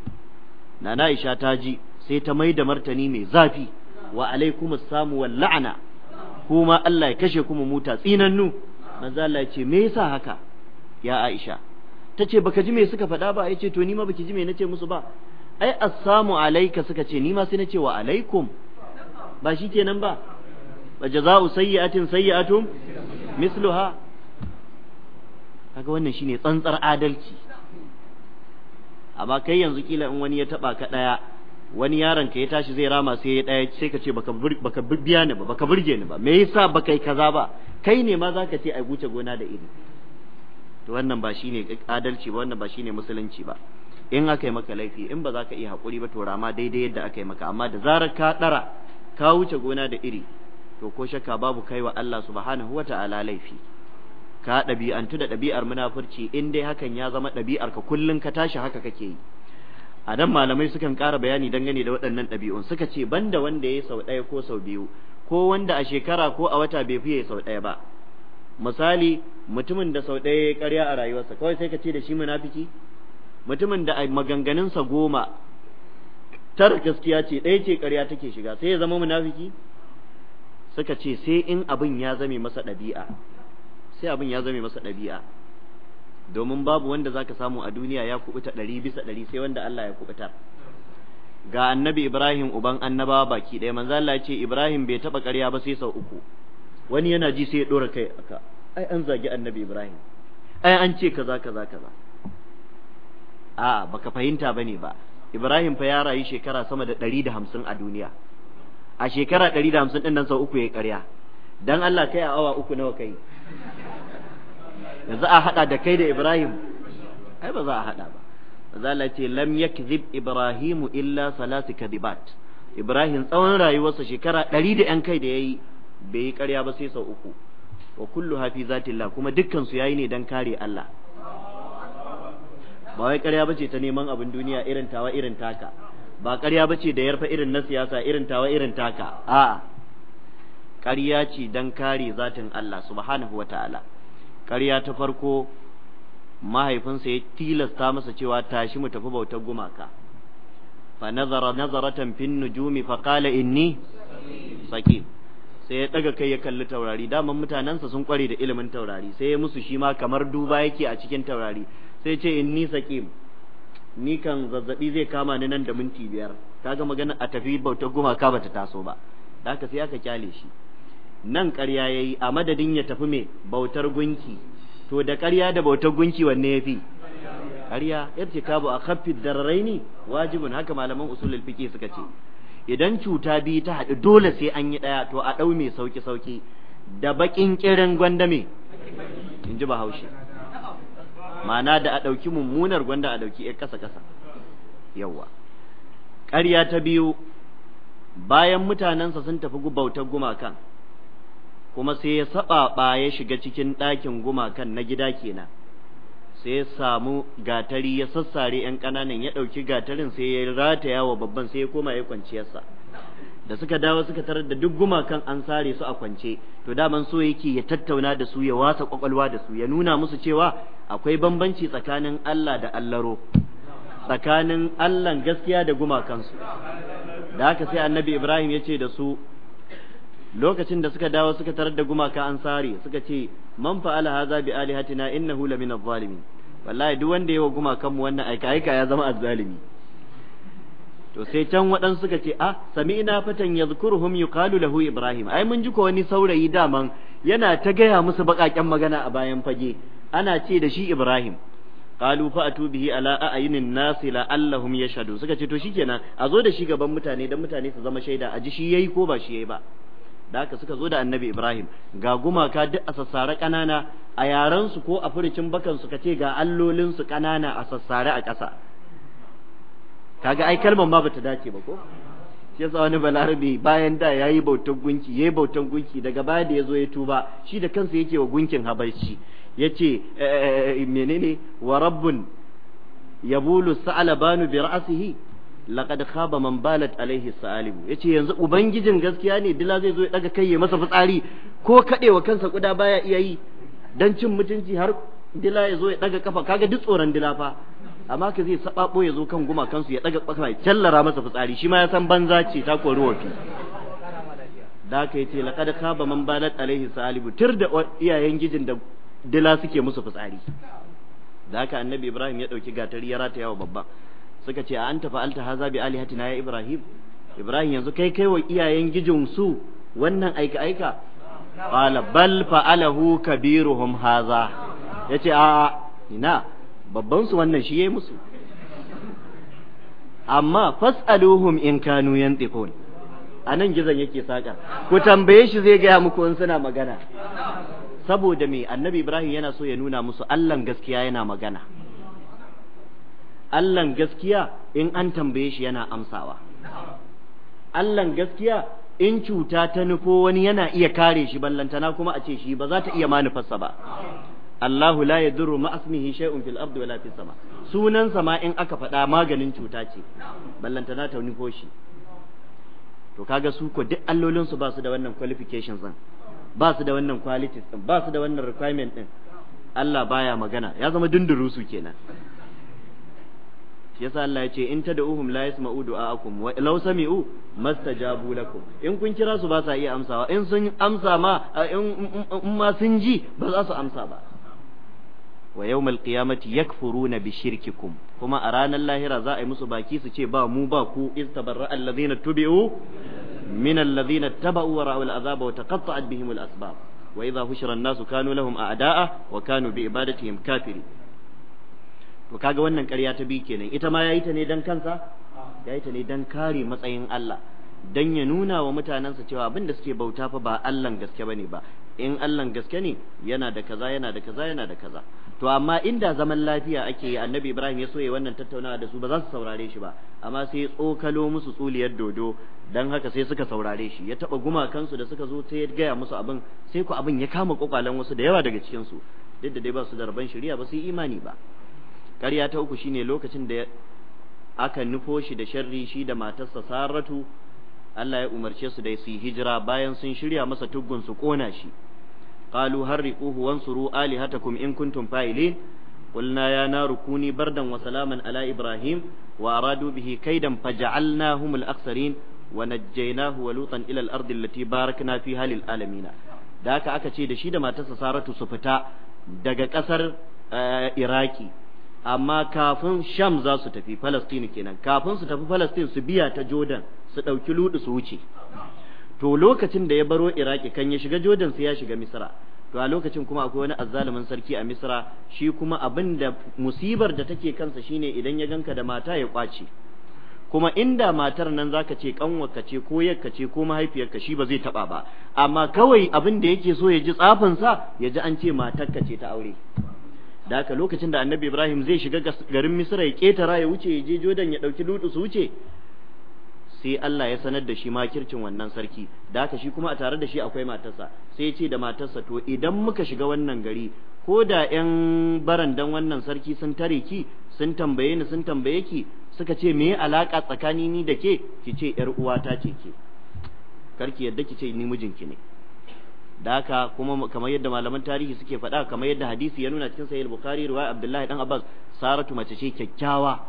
nana Aisha ta ji sai ta mai da martani mai zafi wa alaikum assamu wal la'na kuma Allah ya kashe ku mu huta tsinannu manzo Allah ya ce me yasa haka ya Aisha ta ce baka ji me suka faɗa ba yi ce to ni ma baki ji me nace musu ba ai assamu alayka suka ce ni ma sai nace wa alaikum ba shi kenan ba wa jaza'u sayyi'atin sayyi'atum misluha kaga wannan shine tsantsar adalci amma kai yanzu kila in wani ya taba ka daya wani yaron ka ya tashi zai rama sai ya daya sai ka ce baka baka biya ni ba baka burge ni ba me yasa baka yi kaza ba kai ne ma zaka ce ai guce gona da iri to wannan ba shine adalci ba wannan ba shine musulunci ba in aka yi maka laifi in ba za ka iya haƙuri ba to rama daidai yadda aka yi maka amma da zarar ka ɗara ka wuce gona da iri to ko shakka babu kai wa Allah subhanahu wa ta'ala laifi ka ɗabi'antu da ɗabi'ar munafurci in dai hakan ya zama ɗabi'ar ka kullum ka tashi haka kake yi a nan malamai sukan ƙara bayani dangane da waɗannan ɗabi'un suka ce banda wanda ya yi sau ɗaya ko sau biyu ko wanda a shekara ko a wata bai fiye sau ɗaya ba misali mutumin da sau ɗaya ya ƙarya a rayuwarsa kawai sai ka ce da shi munafiki mutumin da maganganunsa goma tara gaskiya ce ɗaya ce ƙarya take shiga sai ya zama munafiki suka ce sai in abin ya zame masa ɗabi'a sai abin ya zame masa ɗabi'a domin babu wanda zaka samu a duniya ya kubuta ɗari bisa ɗari sai wanda Allah ya kubutar ga annabi Ibrahim uban annabawa baki ɗaya manzo Allah ya ce Ibrahim bai taɓa ƙarya ba sai sau uku wani yana ji sai ya ɗora kai aka ai an zagi annabi Ibrahim ai an ce kaza kaza kaza a baka fahimta bane ba Ibrahim fa ya rayu shekara sama da ɗari da hamsin a duniya a shekara ɗari da hamsin ɗin nan sau uku ya ƙarya dan Allah kai a awa uku nawa kai Za a hada da kai da Ibrahim ai ba za a hada ba zala ce lam yakzib Ibrahim illa salasi kadibat Ibrahim tsawon rayuwarsa shekara ɗari da ‘yan kai da ya yi bai yi ƙarya ba sai sau uku wa kullu hafi zatillah kuma dukkansu ya yi ne don kare Allah ba wai ƙarya bace ta neman abin duniya irin tawa irin taka ba ƙarya bace da yarfa irin na siyasa irin tawa irin taka a'a ƙarya ce don kare zatin Allah subhanahu wa ta'ala ƙarya ta farko mahaifinsa ya tilasta masa cewa tashi mu tafi bautar gumaka fa nazara nazaratan fin nujumi fa qala inni saqim sai ya ɗaga kai ya kalli taurari daman mutanensa sun kware da ilimin taurari sai ya musu shi ma kamar duba yake a cikin taurari sai ce inni saqim ni kan zazzabi zai kama ni nan da minti biyar kaga magana a tafi bautar gumaka bata taso ba da haka sai aka kyale shi nan ƙarya ya yi a madadin ya tafi mai bautar gunki to da ƙarya da bautar gunki wanne ya fi ƙarya irtikabu a kafin ne wajibin haka malaman usulul fiqh suka ce idan cuta biyu ta haɗu dole sai an yi ɗaya to a ɗau mai sauki sauki da baƙin ƙirin me in ji bahaushe ma'ana da a ɗauki mummunar gwanda a ɗauki ƴar ƙasa ƙasa yawwa ƙarya ta biyu bayan mutanensa sun tafi bautar gumakan kuma sai ya saɓaɓa ya shiga cikin ɗakin gumakan na gida kenan sai ya samu gatari ya sassare ‘yan ƙananan ya ɗauki gatarin sai ya rataya wa babban sai ya koma ya kwanciyarsa da suka dawo suka tarar da duk gumakan an sare su a kwance to daman so yake ya tattauna da su ya wasa kwakwalwa da su ya nuna musu cewa akwai bambanci tsakanin Allah da allaro tsakanin Allahn gaskiya da gumakansu da haka sai annabi Ibrahim ya ce da su lokacin da suka dawo suka tarar da gumaka an sare suka ce man fa'ala hadha bi alihatina innahu la min adh-dhalimin wallahi duk wanda yawa gumakan mu wannan aika aika ya zama azzalimi to sai can waɗansu suka ce ah sami'na fatan yadhkuruhum yuqalu lahu ibrahim ai mun ji ko wani saurayi daman yana ta gaya musu baƙaƙen magana a bayan fage ana ce da shi ibrahim qalu fa'atu bihi ala a'yunin nas allahum yashhadu suka ce to shikenan a zo da shi gaban mutane dan mutane su zama shaida a ji shi yayi ko ba shi yayi ba da haka suka zo da annabi ibrahim ga gumaka duk a sassare ƙanana a yarensu ko a furicin bakan suka ce ga allolinsu ƙanana a sassare a ƙasa kaga ai kalmar ma bata dace ba ko shi yasa wani balarabe bayan da yayi bautan gunki yayi bautan gunki daga baya da yazo ya tuba shi da kansa yake wa gunkin habaici yace eh, eh, eh, menene wa rabbun yabulu sa'alabanu bi ra'sihi laqad khaba man balat alaihi salim yace yanzu ubangijin gaskiya ne dila zai zo ya daga kai ya masa fitsari ko kadewa kansa kuda baya iya yi dan cin mutunci har dila ya zo ya daga kafa kaga duk tsoron dila fa amma ka zai sababo ya zo kan gumakansu ya daga kafa ya cellara masa fitsari shi ma ya san banza ce ta kori wafi da ka yace laqad khaba man balat alaihi salim tur da iyayen gijin da dila suke musu fitsari da haka annabi ibrahim ya dauki gatari ya rataya wa babba suka ce an tafi alta haza bi na ya ibrahim ibrahim yanzu kai kai wa iyayen gijin su wannan aika aika qala bal fa'alahu kabiruhum haza yace a ina babban su wannan shi yayi musu amma fas'aluhum in kanu yantiqun anan gizon yake saka ku tambaye shi zai gaya muku in suna magana saboda me annabi ibrahim yana so ya nuna musu allan gaskiya yana magana Allahn gaskiya in an tambaye shi yana amsawa Allahn gaskiya in cuta ta nufo wani yana iya kare shi ballantana kuma a ce shi ba za ta iya manufarsa ba Allahu la yadurru ma asmihi shay'un fil ardi wala fis sama sunan sama in aka faɗa maganin cuta ce ballantana ta nufo shi to kaga su ko duk allolin su ba su da wannan qualifications din ba su da wannan qualities din ba su da wannan requirement din Allah baya magana ya zama dunduru su kenan yasa Allah ya ce in tad'uhum la yasma'u du'aakum wa law sami'u mastajabu lakum in kun kira su ba sa iya amsawa in sun amsa ma eh, in ma sun ji ba za su amsa ba wa yawmal qiyamati yakfuruna bi shirkikum kuma a ranar lahira za a yi musu baki su ce ba mu ba ku iz tabarra alladhina tubi'u min alladhina taba'u wa ra'u al'azaba wa taqatta'at bihim al'asbab wa idha hushira an-nasu kanu lahum a'da'a wa kanu bi ibadatihim kafirin to kaga wannan ƙarya ta bi kenan ita ma yayi ta ne dan kansa yayi ta ne dan kare matsayin Allah dan ya nuna wa mutanensa cewa abin da suke bauta fa ba Allahn gaske bane ba in Allahn gaske ne yana da kaza yana da kaza yana da kaza to amma inda zaman lafiya ake yi annabi Ibrahim ya so ya wannan tattaunawa da su ba za su saurare shi ba amma sai ya tsokalo musu tsuliyar dodo dan haka sai suka saurare shi ya taba gumakansu da suka zo sai ya gaya musu abin sai ku abin ya kama kokalan wasu da yawa daga cikin su duk da dai ba su da rabon shari'a ba su imani ba karya ta uku shine lokacin da aka nufo shi da sharri shi da matarsa saratu Allah ya umarci su da su yi hijira bayan sun shirya masa tuggun su kona shi qalu harriquhu wansuru alihatakum in kuntum fayilin qulna ya narukuni bardan wa ala ibrahim wa aradu bihi kaidan faja'alnahum al-aksarin wa najjaynahu wa ila al-ard allati barakna fiha lil alamin da haka aka ce da shi da matarsa saratu su fita daga kasar uh, eh, iraki amma kafin sham za su tafi Palestine kenan kafin su tafi falastin su biya ta Jordan su ɗauki ludu su wuce to lokacin da ya baro Iraki kan ya shiga Jordan sai ya shiga Misra to a lokacin kuma akwai wani azzalumin sarki a Misra shi kuma abin da musibar da take kansa shine idan ya ganka da mata ya kwace kuma inda matar nan zaka ce kanwarka ce ko yakka ce ko mahaifiyarka shi ba zai taba ba amma kawai abin da yake so ya ji tsafin sa ya ji an ce matarka ce ta aure da haka lokacin da annabi ibrahim zai shiga garin misra ya ketara ya wuce ya je jodan ya ɗauki lutu su wuce sai Allah ya sanar da shi ma makircin wannan sarki da haka shi kuma a tare da shi akwai matarsa sai ya ce da matarsa to idan muka shiga wannan gari ko da ƴan barandan wannan sarki sun tare ki sun tambaye ni sun tambaye ki suka ce me alaka tsakani ni da ke ki ce ƴar uwata ce ke karki yadda ki ce ni mijinki ne da haka kuma kamar yadda malaman tarihi suke faɗa kamar yadda hadisi ya nuna cikin sahih bukhari Ruwaya abdullahi dan abbas saratu mace ce kyakkyawa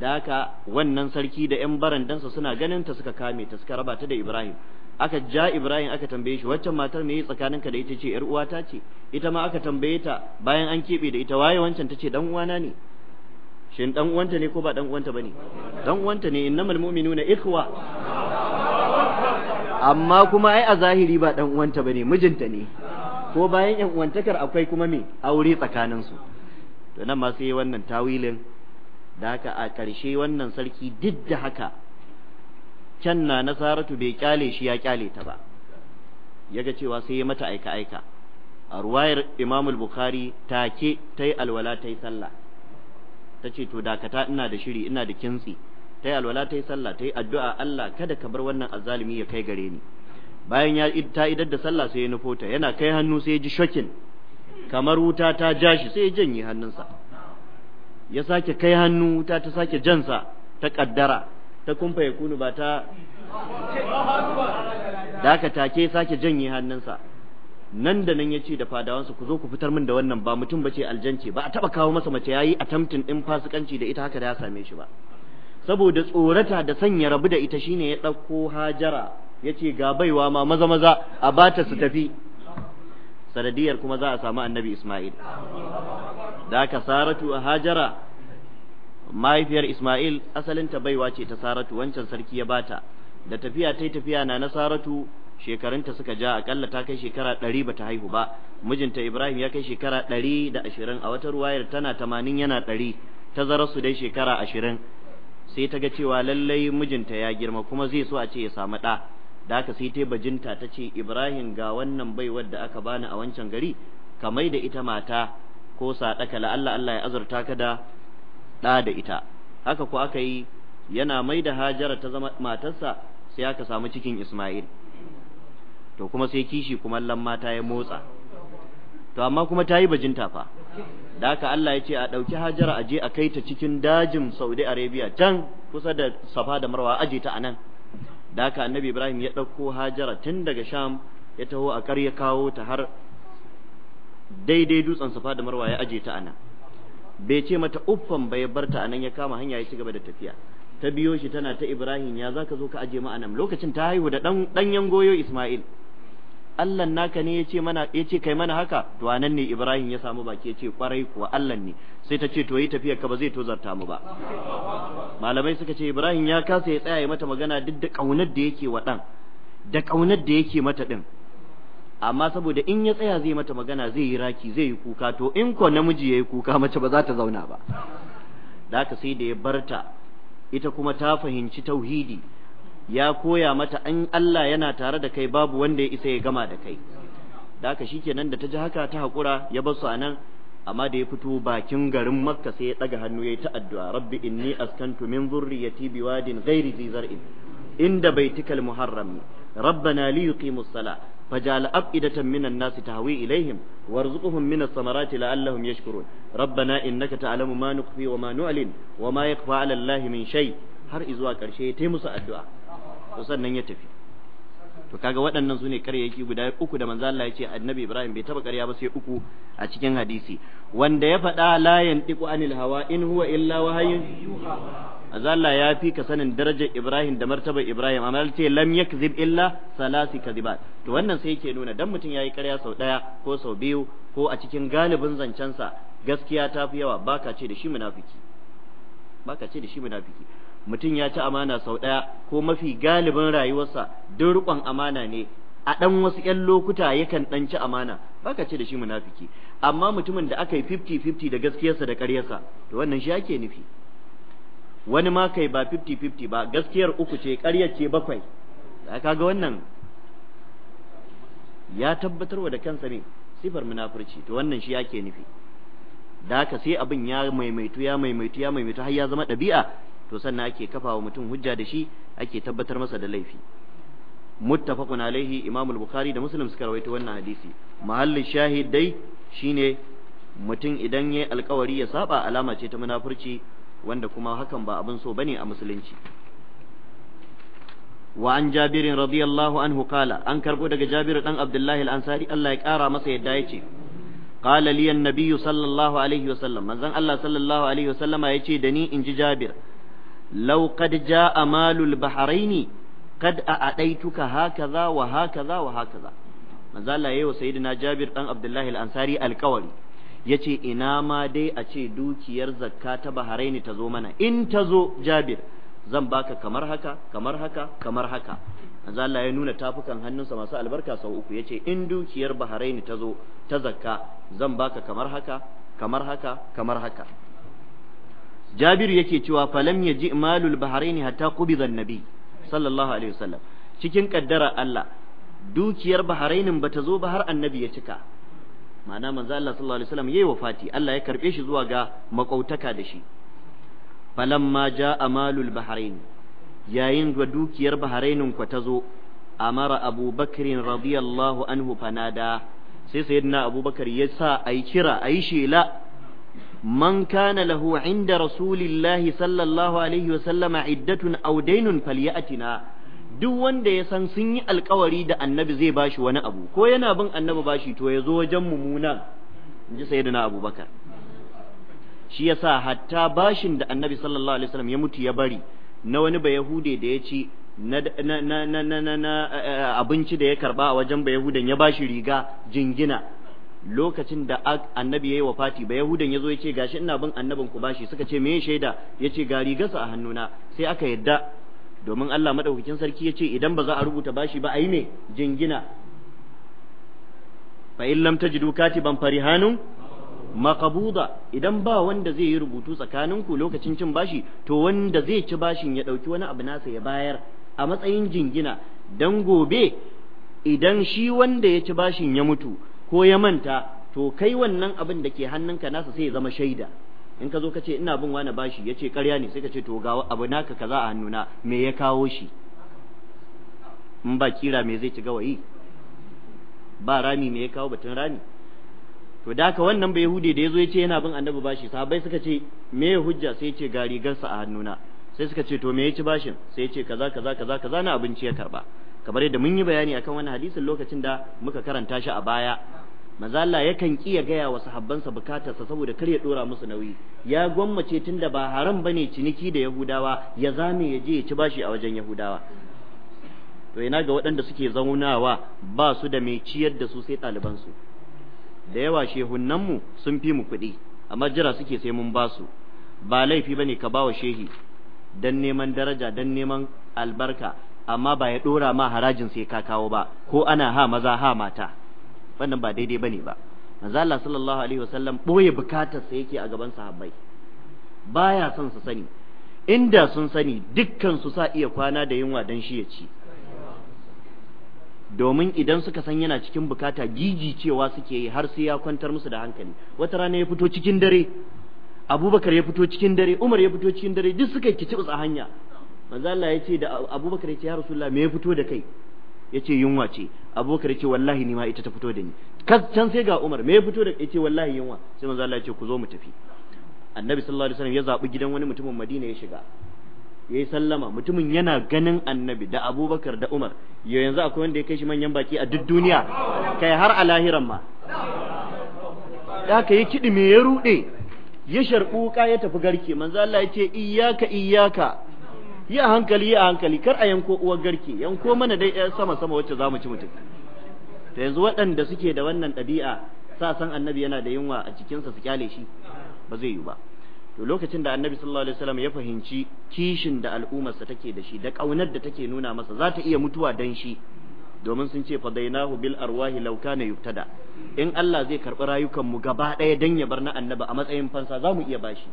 da haka wannan sarki da yan barandansa suna ganin ta suka kame ta suka raba ta da ibrahim aka ja ibrahim aka tambaye shi waccan matar me yi tsakaninka da ita ce yar uwata ce ita ma aka tambaye ta bayan an keɓe da ita waye wancan tace dan uwana ne shin dan uwanta ne ko ba dan uwanta bane dan uwanta ne innamal mu'minuna ikhwa amma kuma ai a zahiri ba ɗan uwanta ba ne, mijinta ne ko bayan yan uwantakar akwai kuma me aure tsakanin su to nan ma sai wannan tawilin da haka a ƙarshe wannan sarki duk da haka can na nasaratu bai kyale shi ya kyale ta ba yaga cewa sai ya mata aika aika a ruwayar imamul bukhari take ta yi alwala ta yi sallah ta ce to dakata ina da shiri ina da kintsi ta yi alwala ta yi sallah ta yi addu'a Allah kada ka bar wannan azzalimi ya kai gare ni bayan ya ta idar da sallah sai ya nufo ta yana kai hannu sai ya ji shokin kamar wuta ta ja shi sai ya janye hannunsa ya sake kai hannu wuta ta sake jansa ta kaddara ta kumfa ya kunu ba ta da take sake janye hannunsa nan da nan ya ce da fadawansa ku zo ku fitar min da wannan ba mutum ce aljanci, ba a taba kawo masa mace ya yayi attempting din fasikanci da ita haka da ya same shi ba saboda tsorata da sanya rabu da ita shine ya ɗauko hajara ya ga baiwa ma maza maza a bata su tafi sanadiyar kuma za a samu annabi Ismail da aka saratu a hajara mahaifiyar Ismail asalinta baiwa ce ta saratu wancan sarki ya bata da tafiya ta tafiya na na saratu shekarunta suka ja akalla ta kai shekara ɗari bata haihu ba mijinta Ibrahim ya kai shekara ɗari da ashirin a wata ruwayar tana tamanin yana ɗari su dai shekara ashirin sai ta ga cewa lallai mijinta ya girma kuma zai so a ce ya samu ɗa da aka sai ta bajinta ta ce ibrahim ga wannan bai wadda aka bani a wancan gari ka mai da ita mata ko saɗaka la Allah Allah ya azurta ka da ɗa da ita haka ko aka yi yana mai da hajara ta zama matarsa sai aka samu cikin isma'il to kuma sai kishi kumallon mata ya motsa to amma kuma ta yi bajinta fa da haka Allah ya ce a ɗauki hajara a je a kai ta cikin dajin Saudi Arabia can kusa da Safa da Marwa aje ta anan da haka Annabi Ibrahim ya ɗauko hajara tun daga Sham ya taho a kar kawo ta har daidai dutsen Safa da Marwa ya aje ta anan bai ce mata uffan bai bar ta anan ya kama hanya ya ci gaba da tafiya ta biyo shi tana ta Ibrahim ya zaka zo ka aje mu anan lokacin ta haihu da ɗan danyen goyo Isma'il Allah naka ne yace mana yace kai mana haka to anan ne Ibrahim ya samu baki yace kwarai kuwa Allah ne sai ta ce to yi tafiyar ka ba zai tozarta mu ba malamai suka ce Ibrahim ya kasa ya tsaya mata magana duk da kaunar da yake wa dan da kaunar da yake mata din amma saboda in ya tsaya zai mata magana zai yi raki zai yi kuka to in ko namiji yayi kuka mace ba za ta zauna ba da haka sai da ya barta ita kuma ta fahimci tauhidi ya koya mata an Allah yana tare da kai babu wanda ya isa ya gama da kai da haka shikenan da ta ji haka ta hakura ya bar su a nan amma da ya fito bakin garin makka sai ya tsaga hannu ya yi ta addu'a rabbi inni askantu min zurriyati biwadin ghairi zi zar'in inda baitikal muharram rabbana li yuqimus sala فجعل أفئدة من الناس تهوي إليهم وارزقهم من الثمرات لعلهم يشكرون ربنا إنك تعلم ما نخفي وما نعلن وما يخفى على الله من شيء har izuwa ƙarshe ya taimusa addu'a to sannan ya tafi to kaga waɗannan su ne ƙaryayyaki guda uku da manzo Allah ya ce annabi Ibrahim bai taba karya ba sai uku a cikin hadisi wanda ya faɗa la yantiqu anil hawa in huwa illa wahyun manzo Allah ya fi ka sanin darajar Ibrahim da martabar Ibrahim amma ce lam yakzib illa salasi kadhibat to wannan sai yake nuna dan mutum yayi karya sau ɗaya ko sau biyu ko a cikin galibin zancensa gaskiya ta fi yawa baka ce da shi munafiki baka ce da shi munafiki mutum ya ci amana sau ɗaya ko mafi galibin rayuwarsa duk riƙon amana ne a ɗan wasu ƴan lokuta yakan ɗan ci amana baka ce da shi munafiki amma mutumin da aka yi fifty fifty da gaskiyarsa da ƙaryarsa to wannan shi ake nufi wani ma kai ba fifty fifty ba gaskiyar uku ce ƙaryar ce bakwai da ka ga wannan ya tabbatarwa da kansa ne sifar munafurci to wannan shi ake nufi da haka sai abin ya maimaitu ya maimaitu ya maimaitu har ya zama ɗabi'a to sannan ake kafa wa mutum hujja da shi ake tabbatar masa da laifi muttafaqun alaihi imam al-bukhari da muslim suka rawaito wannan hadisi mahallin shahid dai shine mutum idan yayi alkawari ya saba alama ce ta munafurci wanda kuma hakan ba abin so bane a musulunci wa an jabirin radiyallahu anhu kala an karbo daga jabir dan abdullahi al-ansari Allah ya kara masa yadda yace qala li an-nabiy sallallahu alaihi wasallam manzon Allah sallallahu alaihi wasallama yace da ni ji jabir law qad jaa malul bahraini qad a'adaituka hakaza wa hakaza wa hakaza manzo Allah yayi wa sayyidina Jabir dan Abdullah al-Ansari alƙawari yace ina ma dai a ce dukiyar zakka ta Bahraini ta zo mana in ta zo Jabir zan baka kamar haka kamar haka kamar haka manzo Allah ya nuna tafukan hannunsa masu albarka sau uku yace in dukiyar Bahraini ta zo ta zakka zan baka kamar haka kamar haka kamar haka jabiru yake cewa falam ji malul bahrain hatta qubida nabi sallallahu alaihi wasallam cikin kaddara Allah dukiyar bahrainin bata zo ba har annabi ya cika ma'ana manzo Allah sallallahu alaihi wasallam yayi wafati Allah ya karbe shi zuwa ga makautaka da shi ma jaa malul bahrain yayin da dukiyar bahrainin kwa ta zo amara abubakar radiyallahu anhu fanada sai sayyidina abubakar ya sa ayi kira ayi shela له عند رسول الله صلى sallallahu alaihi وسلم عدة أو دين falyatina duk wanda ya san sun yi alkawari da annabi zai bashi wani abu ko yana bin annabi bashi to ya zo wajen mumuna in ji sayyidina abubakar shi yasa hatta bashin da annabi sallallahu alaihi wasallam ya mutu ya bari na wani bayahude da ya ci na eh, eh, abinci da ya karba a wajen bayahudan ya bashi riga jingina lokacin da annabi ya yi wa fati ba yahudan ya zo ya ce gashi ina bin annabin ku bashi suka ce me shaida ya ce ga rigarsa a hannuna sai aka yadda domin Allah madaukakin sarki ya ce idan ba za a rubuta bashi ba a yi ne jingina fa in lam tajidu katiban farihanun maqbuda idan ba wanda zai yi rubutu tsakaninku lokacin cin bashi to wanda zai ci bashin ya dauki wani abu nasa ya bayar a matsayin jingina dan gobe idan shi wanda ya ci bashin ya mutu ko ya manta to kai wannan abin da ke hannunka nasa sai ya zama shaida in ka zo ka ce ina bin wani bashi ya ce karya ne sai ka ce to ga abu naka kaza a hannuna me ya kawo shi in ba kira me zai ci gawayi ba rami me ya kawo batun rami to da haka wannan bai hude da ya zo ya ce yana bin annabi bashi sahabbai suka ce me hujja sai ya ce ga rigarsa a hannuna sai suka ce to me ya ci bashin sai ya ce kaza kaza kaza kaza na abinci ya karba kamar yadda mun yi bayani akan wannan hadisin lokacin da muka karanta shi a baya maza Allah yakan ki ya gaya wa sahabbansa bukatarsa saboda kar ya dora musu nauyi ya gwammace tunda ba haram bane ciniki da Yahudawa ya zame ya je ya ci bashi a wajen Yahudawa to ina ga waɗanda suke zaunawa ba su da mai ciyar da su sai ɗalibansu da yawa mu sun fi mu kuɗi amma jira suke sai mun ba su ba laifi bane ka ba wa shehi dan neman daraja dan neman albarka amma ba ya dora ma harajin sai ka kawo ba ko ana ha maza ha mata wannan ba daidai bane ba manzo Allah sallallahu alaihi wasallam boye bukatar sa yake a gaban sahabbai baya son su sani inda sun sani dukkan su sa iya kwana da yunwa dan shi ya ci domin idan suka san yana cikin bukata gigi cewa suke yi har sai ya kwantar musu da hankali wata rana ya fito cikin dare abubakar ya fito cikin dare umar ya fito cikin dare duk suka kici a hanya manzo Allah ya ce da abubakar ya ce ya rasulullah me ya fito da kai yace yunwa ce abubakar yace wallahi ni ma ita ta fito da ni can sai ga umar me ya fito da yace wallahi yunwa sai manzo Allah yace ku zo mu tafi annabi sallallahu alaihi wasallam ya zabi gidan wani mutumin madina ya shiga yayi sallama mutumin yana ganin annabi da abubakar da umar yo yanzu akwai wanda ya kai shi manyan baki a duk duniya kai har a lahiran ma da ka yi kiɗi me ya ruɗe ya sharɓuka ya tafi garke manzo Allah ya ce iyyaka iyyaka yi a hankali yi a hankali kar a yanko uwar garki yanko mana dai ɗaya sama sama wacce za mu ci mutum Ta yanzu waɗanda suke da wannan ɗabi'a sa san annabi yana da yunwa a cikinsa su kyale shi ba zai yi ba to lokacin da annabi sallallahu alaihi wasallam ya fahimci kishin da sa take da shi da ƙaunar da take nuna masa za ta iya mutuwa dan shi domin sun ce fadainahu bil arwahi law kana yubtada in Allah zai karɓi rayukan mu gaba ɗaya dan ya bar na annabi a matsayin fansa za mu iya bashi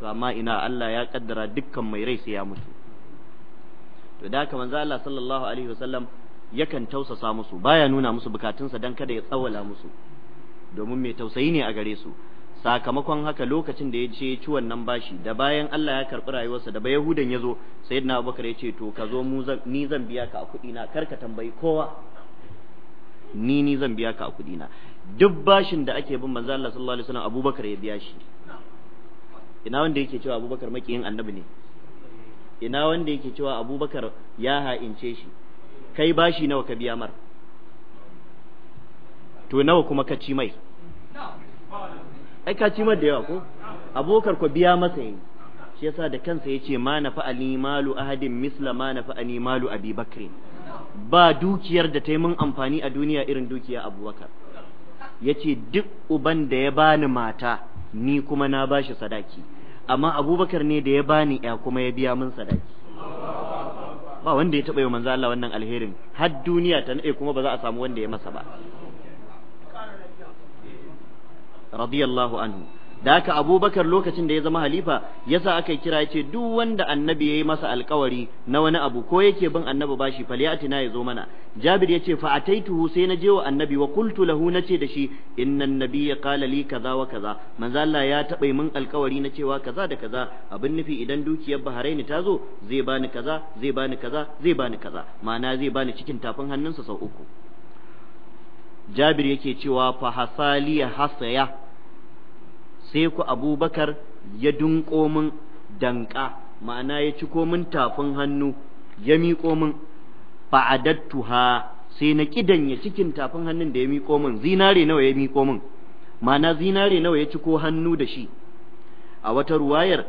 to ina Allah ya kaddara dukkan mai rai sai ya mutu to da haka manzo Allah sallallahu alaihi wasallam yakan tausasa musu baya nuna musu bukatunsa dan kada ya tsawala musu domin mai tausayi ne a gare su sakamakon haka lokacin da ya ce ci wannan bashi da bayan Allah ya karɓi rayuwarsa da ba Yahudan ya zo sayyidina Abubakar ya ce to ka zo mu ni zan biya ka a kuɗi na kar ka tambayi kowa ni ni zan biya ka a kuɗi na duk bashin da ake bin manzo Allah sallallahu alaihi wasallam Abubakar ya biya shi ina wanda yake cewa abubakar makiyin annabi ne ina wanda yake cewa abubakar ya ha'ince shi kai bashi nawa ka biya mar to nawa kuma ka ci mai ai ka ci mai da yawa ko abubakar ko biya masa yi shi yasa da kansa yace ma na ali malu ahadin misla ma na fa'ali malu abi ba dukiyar da ta yi min amfani a duniya irin dukiya abubakar yace duk uban da ya bani mata ni kuma na ba shi sadaki amma abubakar ne da ya bani ya kuma ya biya min sadaki ba wanda ya taɓa yi manzo Allah wannan alherin har duniya ta naɗe kuma ba za a samu wanda ya masa ba radiyallahu anhu da haka abubakar lokacin da ya zama halifa yasa aka kira ya ce duk wanda annabi ya yi masa alkawari na wani abu ko yake bin annabi bashi falyatina ya zo mana jabir ya ce fa ataituhu sai na je wa annabi wa qultu lahu na ce da shi annabi ya ya li kaza wa kaza manzo Allah ya taɓa min alkawari na cewa kaza da kaza abin nufi idan dukiyar baharaini ta zo zai bani kaza zai bani kaza zai bani kaza ma'ana zai bani cikin tafin hannunsa sau uku jabir yake cewa fa hasaliya hasaya sai ku abubakar ya dunƙo min danƙa ma'ana ya ko min tafin hannu ya miƙo min ha, sai na kidanya cikin tafin hannun da ya miƙo min zinare nawa ya miƙo min ma'ana zinare nawa ya ci ko hannu da shi a wata ruwayar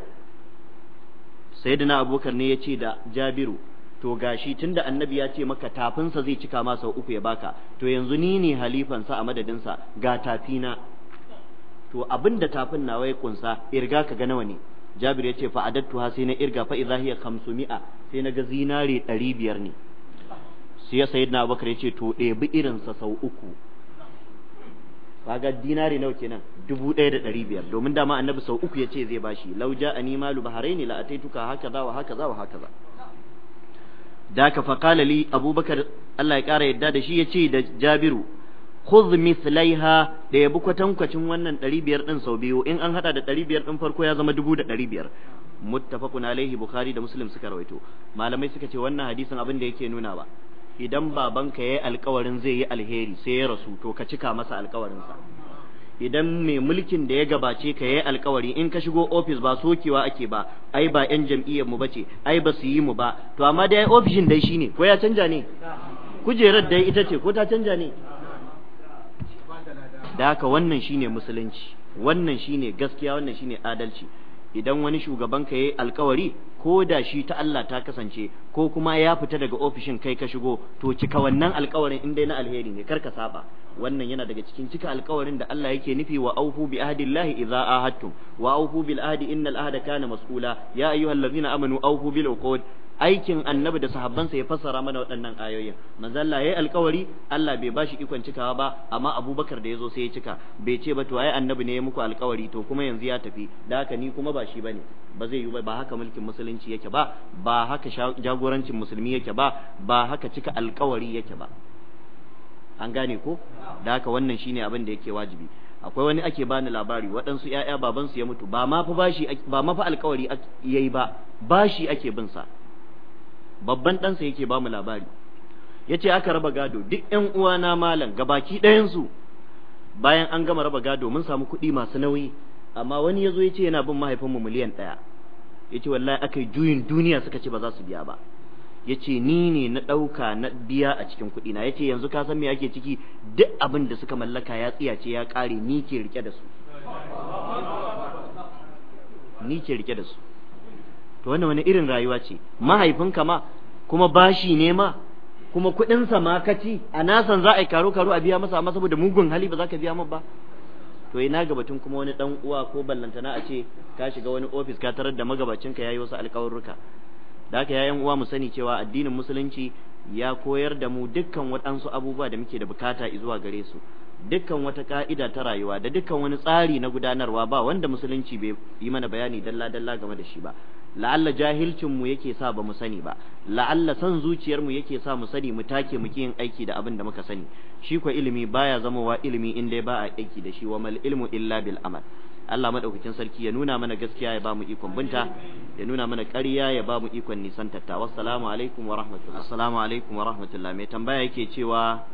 na abubakar ne ya ce da jabiru to gashi tunda annabi ya ce maka tafinsa zai cika ma sau uku ya baka to yanzu ni ne halifansa a madadinsa ga tafina to abinda tafin nawa ya kunsa irga ka ga nawa ne jabir ya ce fa adattu ha sai na irga fa idza hiya 500 sai na ga zinare 500 ne sai ya sayyidina abubakar ya ce to ɗebi irin sa sau uku ga dinari nawa kenan 1500 domin dama annabi sau uku ya ce zai bashi law ja ani malu bahraini la ataituka hakaza wa hakaza wa hakaza da ka fa qala li abubakar Allah ya kara yadda da shi yace da jabiru khudh mithlaiha da yabi kwatankwacin wannan 500 din sau biyu in an hada da 500 din farko ya zama 2500 muttafaqun alaihi bukhari da muslim suka rawaito malamai suka ce wannan hadisin abin da yake nuna ba idan babanka yayi alkawarin zai yi alheri sai ya rasu to ka cika masa alkawarin sa idan mai mulkin da ya gabace ka yayi alkawari in ka shigo ofis ba sokewa ake ba ai ba yan jam'iyyar mu bace ai ba su yi mu ba to amma dai ofishin dai shine ko ya canja ne kujerar dai ita ce ko ta canja ne da haka wannan shine musulunci wannan shine gaskiya wannan shine adalci idan wani shugaban ka yi alkawari ko da shi ta Allah ta kasance ko kuma ya fita daga ofishin kai ka shigo to cika wannan alkawarin in dai na alheri ne karka saba wannan yana daga cikin cika alkawarin da Allah yake nufi wa aufu bi ahdillahi idza ahadtum wa aufu bil ahdi innal ahda kana mas'ula ya ayyuhallazina amanu aufu bil uqud aikin annabi da sahabbansa ya fassara mana waɗannan ayoyin ya yayi alƙawari Allah bai bashi ikon cikawa ba amma Abubakar da yazo sai ya cika bai ce ba to ai annabi ne ya muku alƙawari to kuma yanzu ya tafi da haka ni kuma ba shi bane ba zai yi ba ba haka mulkin musulunci yake ba ba haka jagorancin musulmi yake ba ba haka cika alƙawari yake ba an gane ko da haka wannan shine abin da yake wajibi akwai wani ake bani labari waɗansu ‘ya'ya babansu ya mutu ba ma fa bashi alkawari yayi ba bashi ake bin sa babban ɗansa yake ba mu labari ya ce aka raba gado duk ‘yan uwana malam gabaki ɗayansu bayan an gama raba gado mun samu kuɗi masu nauyi amma wani ya zo ya ce yana bin mahaifinmu miliyan ɗaya ya ce wallahi aka juyin duniya suka ce ba za su biya ba ya ce ni ne na ɗauka na biya a cikin kuɗina ya ce yanzu ka san me ake ciki duk abin da suka mallaka ya tsiyace ya ƙare ni ke rike da su ni ke rike da su to wannan wani irin rayuwa ce mahaifinka ma kuma bashi ne ma kuma kuɗinsa ma ka ci a nasan za a yi karo karo a biya masa amma saboda mugun hali ba za ka biya ba to ina ga batun kuma wani dan uwa ko ballantana a ce ka shiga wani ofis ka tarar da magabacinka yayi wasu alƙawurruka? da haka yayan uwa mu sani cewa addinin musulunci ya koyar da mu dukkan waɗansu abubuwa da muke da bukata zuwa gare su dukkan wata ka'ida ta rayuwa da dukkan wani tsari na gudanarwa ba wanda musulunci bai yi mana bayani dalla dalla game da shi ba la'alla jahilcin mu yake sa ba mu sani ba la'alla san zuciyar mu yake sa mu sani mu take muke yin aiki da abin da muka sani shi ko ilimi baya zamowa ilimi in dai ba a aiki da shi wa mal ilmu illa bil amal Allah madaukakin sarki ya nuna mana gaskiya ya ba mu ikon binta ya nuna mana ƙarya ya ba mu ikon nisan tatta wassalamu alaikum wa rahmatullahi assalamu alaikum wa rahmatullahi mai tambaya yake cewa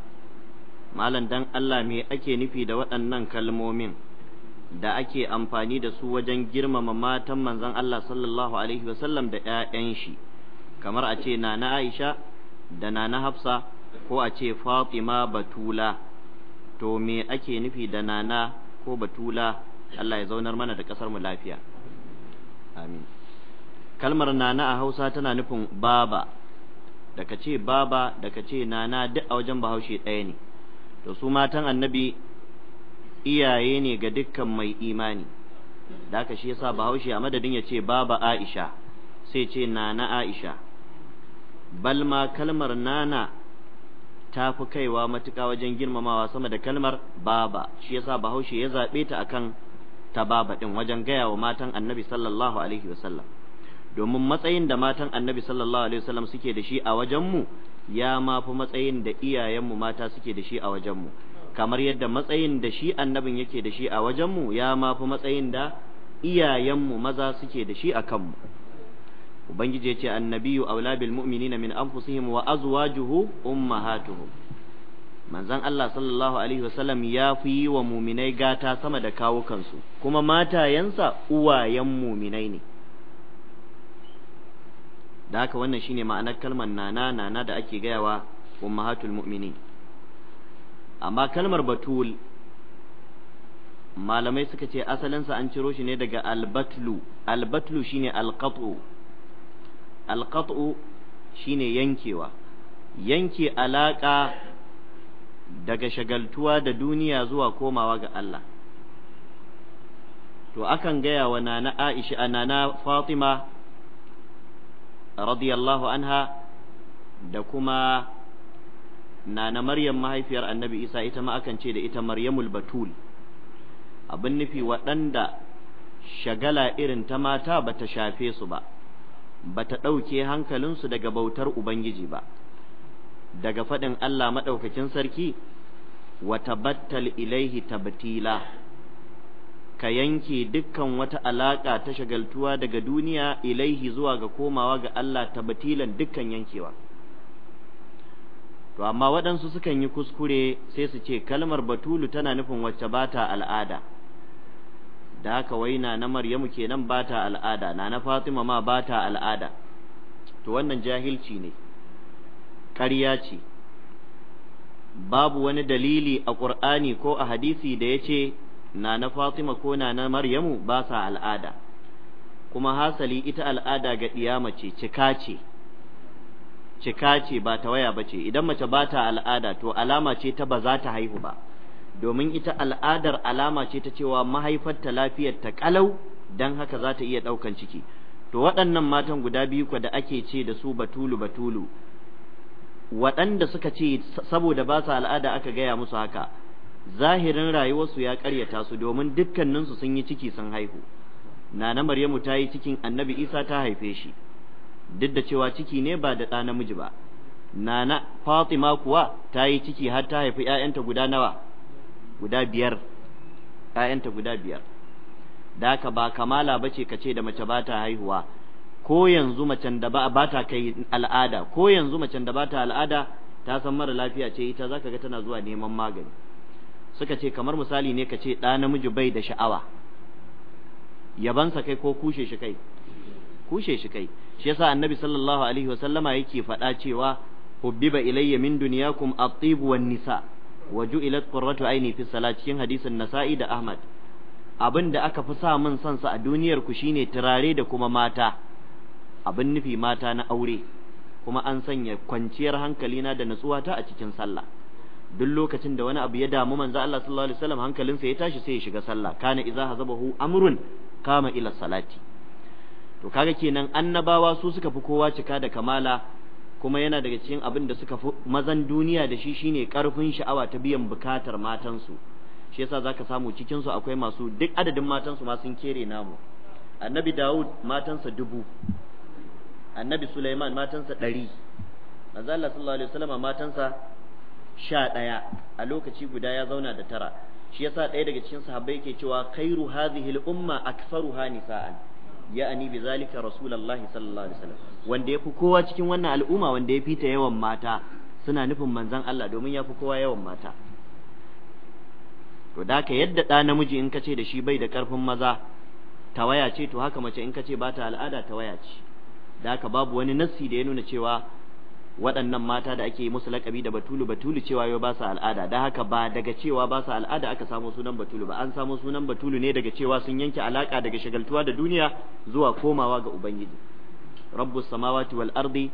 malam dan Allah me ake nufi da waɗannan kalmomin da ake amfani da su wajen girmama matan manzon Allah sallallahu alaihi wasallam da 'ya'yan shi kamar a ce nana Aisha da nana Hafsa ko a ce Fatima Batula to me ake nufi da nana ko Batula Allah ya zaunar mana da kasar mu lafiya amin kalmar nana a Hausa tana nufin baba daga ce baba daga ce nana duk a wajen Bahaushe ɗaya ne to su matan annabi iyaye ne ga dukkan mai imani da aka shi yasa bahaushe a madadin ya ce baba aisha sai ce nana aisha balma kalmar nana ta fi kaiwa matuƙa wajen girmamawa sama da kalmar baba shi yasa bahaushe ya zaɓe ta akan ta baba ɗin wajen gaya wa matan annabi sallallahu alaihi wasallam domin matsayin da matan annabi sallallahu alaihi wasallam suke da shi a wajenmu ya ma fi matsayin da iyayenmu mata suke da shi a wajenmu kamar yadda matsayin da shi annabin yake da shi a wajenmu ya mafi matsayin da iyayenmu maza suke da shi a kanmu ubangiji ya ce annabiyu aula bil mu'minina min anfusihim wa azwajuhu ummahatuhum manzon Allah sallallahu alaihi wasallam ya fi yi wa muminai gata sama da kawukansu kuma matayensa uwayen muminai ne da haka wannan shine ma'anar kalmar nana nana da ake gayawa ummahatul mu'minin amma kalmar batul malamai suka ce asalinsa an ciro shi ne daga albatlu albatlu shine alqat'u alqat'u shine yankewa yanke alaka daga shagaltuwa da duniya zuwa komawa ga Allah to akan gaya wa nana Aisha nana Fatima radiyallahu anha da kuma Na na maryam mahaifiyar annabi isa ita ma akan ce da ita maryamul batul abin nufi waɗanda shagala irin ta mata ba ta shafe su ba ba ta ɗauke hankalinsu daga bautar ubangiji ba daga faɗin allah maɗaukakin sarki wata battal ilaihi tabtila ka yanke dukkan wata alaƙa ta shagaltuwa daga duniya ilaihi zuwa ga komawa ga Allah tabtilan dukkan yankewa to amma waɗansu sukan yi kuskure sai su ce kalmar batulu tana nufin wacce ba ta al'ada da haka wai na na maryamu kenan ba ta al'ada na na fatima ma ba ta al'ada to wannan jahilci ne ƙarya ce babu wani dalili a ƙur'ani ko a hadisi da ya ce na na fatima ko na na maryamu ba sa al'ada kuma hasali ita al'ada ga ɗiyama ce cika ce cika ce ba ta waya ba ce idan mace ba ta al'ada to alama ce ta ba za ta haihu ba domin ita al'adar alama ce ta cewa mahaifarta lafiyar ta kalau don haka za ta iya ɗaukan ciki to waɗannan matan guda biyu kwa da ake ce da su batulu batulu waɗanda suka ce saboda ba su al'ada aka gaya musu haka zahirin rayuwarsu ya ƙaryata su domin dukkaninsu sun yi ciki sun haihu nana maryamu ta yi cikin annabi isa ta haife shi duk da cewa ciki ne ba da ɗa namiji ba nana fatima kuwa ta yi ciki har ta haifi ‘ya'yanta guda nawa guda biyar ‘ya'yanta guda biyar da haka ba kamala ba ce ka ce da mace ba ta haihuwa ko yanzu macen da ba ta kai al'ada ko yanzu macen da ba ta al'ada ta san mara lafiya ce ita za ka ga tana zuwa neman magani suka ce kamar misali ne ka ce ɗa namiji bai da sha'awa yabansa kai ko kushe shi kai kushe shi kai shi yasa annabi sallallahu alaihi wasallama yake faɗa cewa hubbiba ilayya min dunyakum at-tib wan nisa wa ju'ilat qurratu aini fi salat cikin hadisin nasa'i da ahmad abin da aka fi sa min son sa a duniyar ku shine turare da kuma mata abin nufi mata na aure kuma an sanya kwanciyar hankalina da natsuwata a cikin sallah duk lokacin da wani abu ya damu manzo Allah sallallahu alaihi wasallam hankalinsa ya tashi sai ya shiga sallah kana idza hazabahu amrun kama ila salati to kaga kenan annabawa su suka fi kowa cika da kamala kuma yana daga cikin abin da suka fi mazan duniya da shi shine karfin sha'awa ta biyan bukatar matansu shi yasa zaka samu cikin su akwai masu duk adadin matansu ma sun kere namu annabi Da'ud, matansa dubu annabi Sulaiman matansa ɗari manzo Allah sallallahu alaihi wasallam matansa sha ɗaya a lokaci guda ya zauna da tara shi yasa ɗaya daga cikin sahabbai yake cewa khairu hadhihi al-umma aktharuha nisa'an ani bi zalika rasulullahi sallallahu alaihi wasallam wanda yafi kowa cikin wannan al'umma wanda ya fita yawan mata suna nufin manzon Allah domin yafi kowa yawan mata to da yadda ɗa namiji in ka ce da shi bai da karfin maza tawaya ce to haka mace in ka ce ba ta al'ada tawaya ce da babu wani nassi da ya nuna cewa waɗannan mata da ake musu lakabi da batulu batulu cewa yau ba su al'ada da haka ba daga cewa ba su al'ada aka samo sunan batulu ba an samo sunan batulu ne daga cewa sun yanke alaka daga shagaltuwa da duniya zuwa komawa ga ubangiji rabbus samawati wal ardi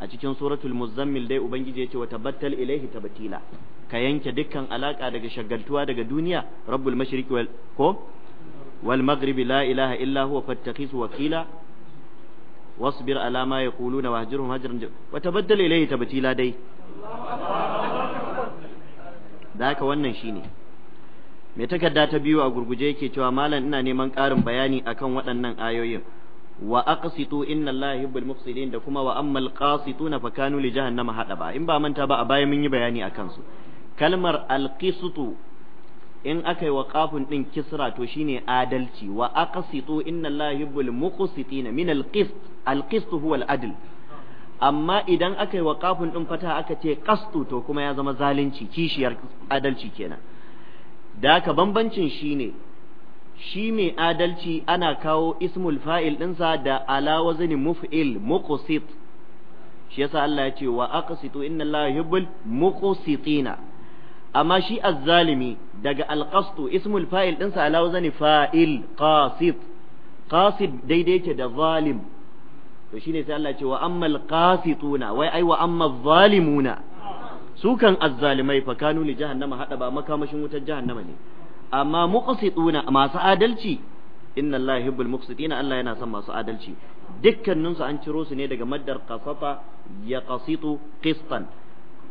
a cikin suratul muzammil dai ubangiji yace wa tabattal ilaihi tabtila ka yanke dukkan alaka daga shagaltuwa daga duniya rabbul mashriqi wal ko wal maghribi la ilaha illa huwa fattakhisu wakila واصبر على ما يقولون واهجرهم هجرا wa tabaddal ilayhi tabtila dai da wannan shine Me takarda ta biyu a gurguje yake cewa malam ina neman ƙarin bayani akan waɗannan ayoyin wa aqsitu inna allaha yuhibbul muqsitin da kuma wa ammal qasituna fa kanu li jahannama hadaba in ba manta ba a baya mun yi bayani akan su kalmar alqisitu in aka yi wa kafin ɗin kisra to shine adalci wa aqsitu inna allaha yuhibbul muqsitina min alqist alqist huwa aladl amma idan aka yi wa kafin ɗin fata aka ce qastu to kuma ya zama zalunci kishiyar adalci kenan da ka bambancin shine shi mai adalci ana kawo ismul fa'il ɗinsa da ala wazni muf'il muqsit shi yasa Allah ya ce wa aqsitu inna allaha yuhibbul muqsitina amma shi azzalimi daga alqastu ismul fa'il dinsa ala wazani fa'il qasid qasid daidai ke da zalim to ne sai Allah ce wa ammal qasituna wai ai wa ammal zalimuna su kan azzalimai fa kanu li jahannama hada ba makamashin wutar jahannama ne amma muqsituna masu adalci inna Allah yuhibbul muqsitina Allah yana son masu adalci dukkaninsu an ciro su ne daga maddar qasata ya qasitu qistan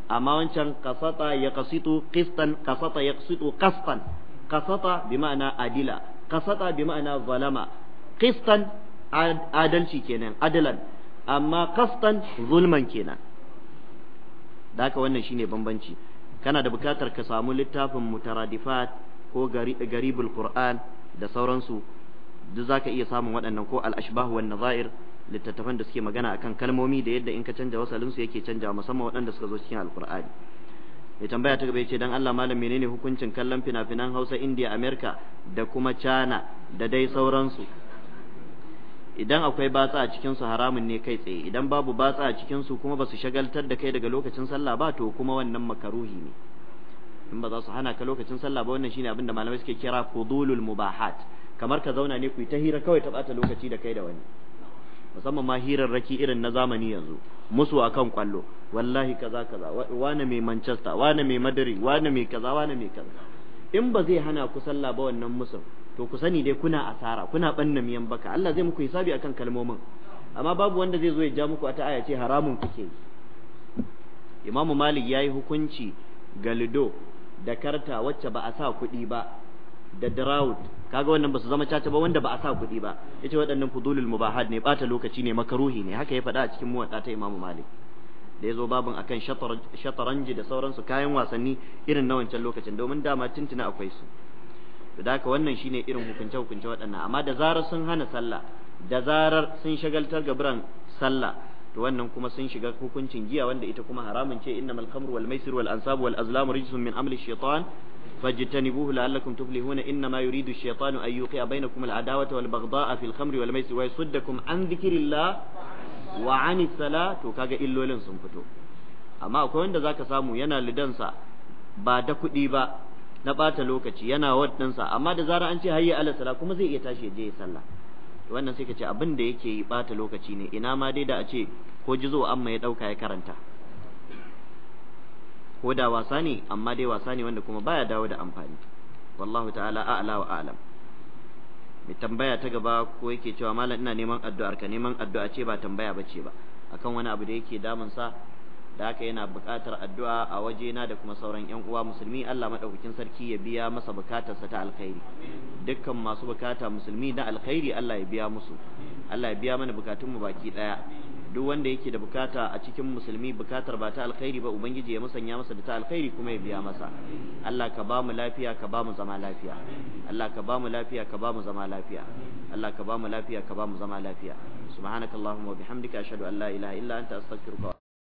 amma wancan kasata ya kasitu qistan kasata ya kasitu qastan kasata bi ma'ana adila kasata bi ma'ana zalama qistan adalci kenan adalan amma kastan zulman kenan da haka wannan shine bambanci kana da bukatar ka samu littafin mutaradifat ko garibul qur'an da sauransu duk zaka iya samun waɗannan ko al-ashbah wan nazair littattafan da suke magana akan kalmomi da yadda in ka canja wasalin su yake canja musamman waɗanda suka zo cikin alkur'ani Mai tambaya ta gaba ya ce dan Allah malam menene hukuncin kallon fina-finan Hausa India America da kuma China da dai sauransu idan akwai batsa a cikin haramun ne kai tsaye idan babu batsa a cikin su kuma su shagaltar da kai daga lokacin sallah ba to kuma wannan makaruhi ne in ba za su hana ka lokacin sallah ba wannan shine abin da malamai suke kira fudulul mubahat kamar ka zauna ne ku ta hira kawai ta bata lokaci da kai da wani musamman ma hirarraki irin na zamani yanzu musu akan kwallo wallahi kaza kaza wane mai manchester wane mai madari wane mai kaza wane mai kaza in ba zai hana ku sallah ba wannan musul to ku sani dai kuna asara kuna banna miyan baka Allah zai muku hisabi akan kalmomin amma babu wanda zai zo ya ja muku a aya ce haramun kuke Imam Malik yayi hukunci ga da karta wacce ba a sa kuɗi ba da drawud kaga wannan ba su zama caca ba wanda ba a sa kuɗi ba yace waɗannan fudulul mubahad ne bata lokaci ne makaruhi ne haka ya faɗa a cikin muwatta ta Imam Malik da ya zo babin akan shataranji da sauransu kayan wasanni irin na wancan lokacin domin dama tuntuna akwai su to da haka wannan shine irin hukunce hukunce waɗannan amma da zarar sun hana sallah da zarar sun shagaltar ga biran sallah to wannan kuma sun shiga hukuncin giya wanda ita kuma haramun ce innamal khamru wal maisir wal ansabu wal azlamu rijsun min amali shaitan فاجتنبوه لعلكم تفلحون انما يريد الشيطان ان يوقع بينكم العداوه والبغضاء في الخمر والميسر ويصدكم عن ذكر الله وعن الصلاة وكاجا إلو لن سنفتو أما أكون ذاك سامو ينا لدنسا بعد كديبا نبات لوكتي ينا ودنسا أما دزارا أنت هيا على الصلاة كما زي يتاشي sallah to wannan sai kace ce abin da yake yi bata lokaci ne ina ma dai da a ce ko jizo amma ya dauka ya karanta ko da wasa ne amma dai wasa ne wanda kuma baya dawo da amfani wallahu ta'ala a'la wa a'lam mai tambaya ta gaba ko yake cewa malam ina neman addu'ar ka neman addu'a ce ba tambaya bace ba akan wani abu da yake damun sa da haka yana buƙatar addu'a a wajena da kuma sauran yan uwa musulmi Allah madaukakin sarki ya biya masa bukatarsa ta alkhairi dukkan masu bukata musulmi na alkhairi Allah ya biya musu Allah ya biya mana bukatunmu baki daya duk wanda yake da bukata a cikin musulmi bukatar ba ta alkhairi ba ubangiji ya musanya masa da ta alkhairi kuma ya biya masa Allah ka ba mu lafiya ka ba mu zama lafiya Allah ka ba mu lafiya ka ba mu zama lafiya Allah ka ba mu lafiya ka ba mu zama lafiya subhanakallahumma wa bihamdika ashhadu an la ilaha illa anta astaghfiruka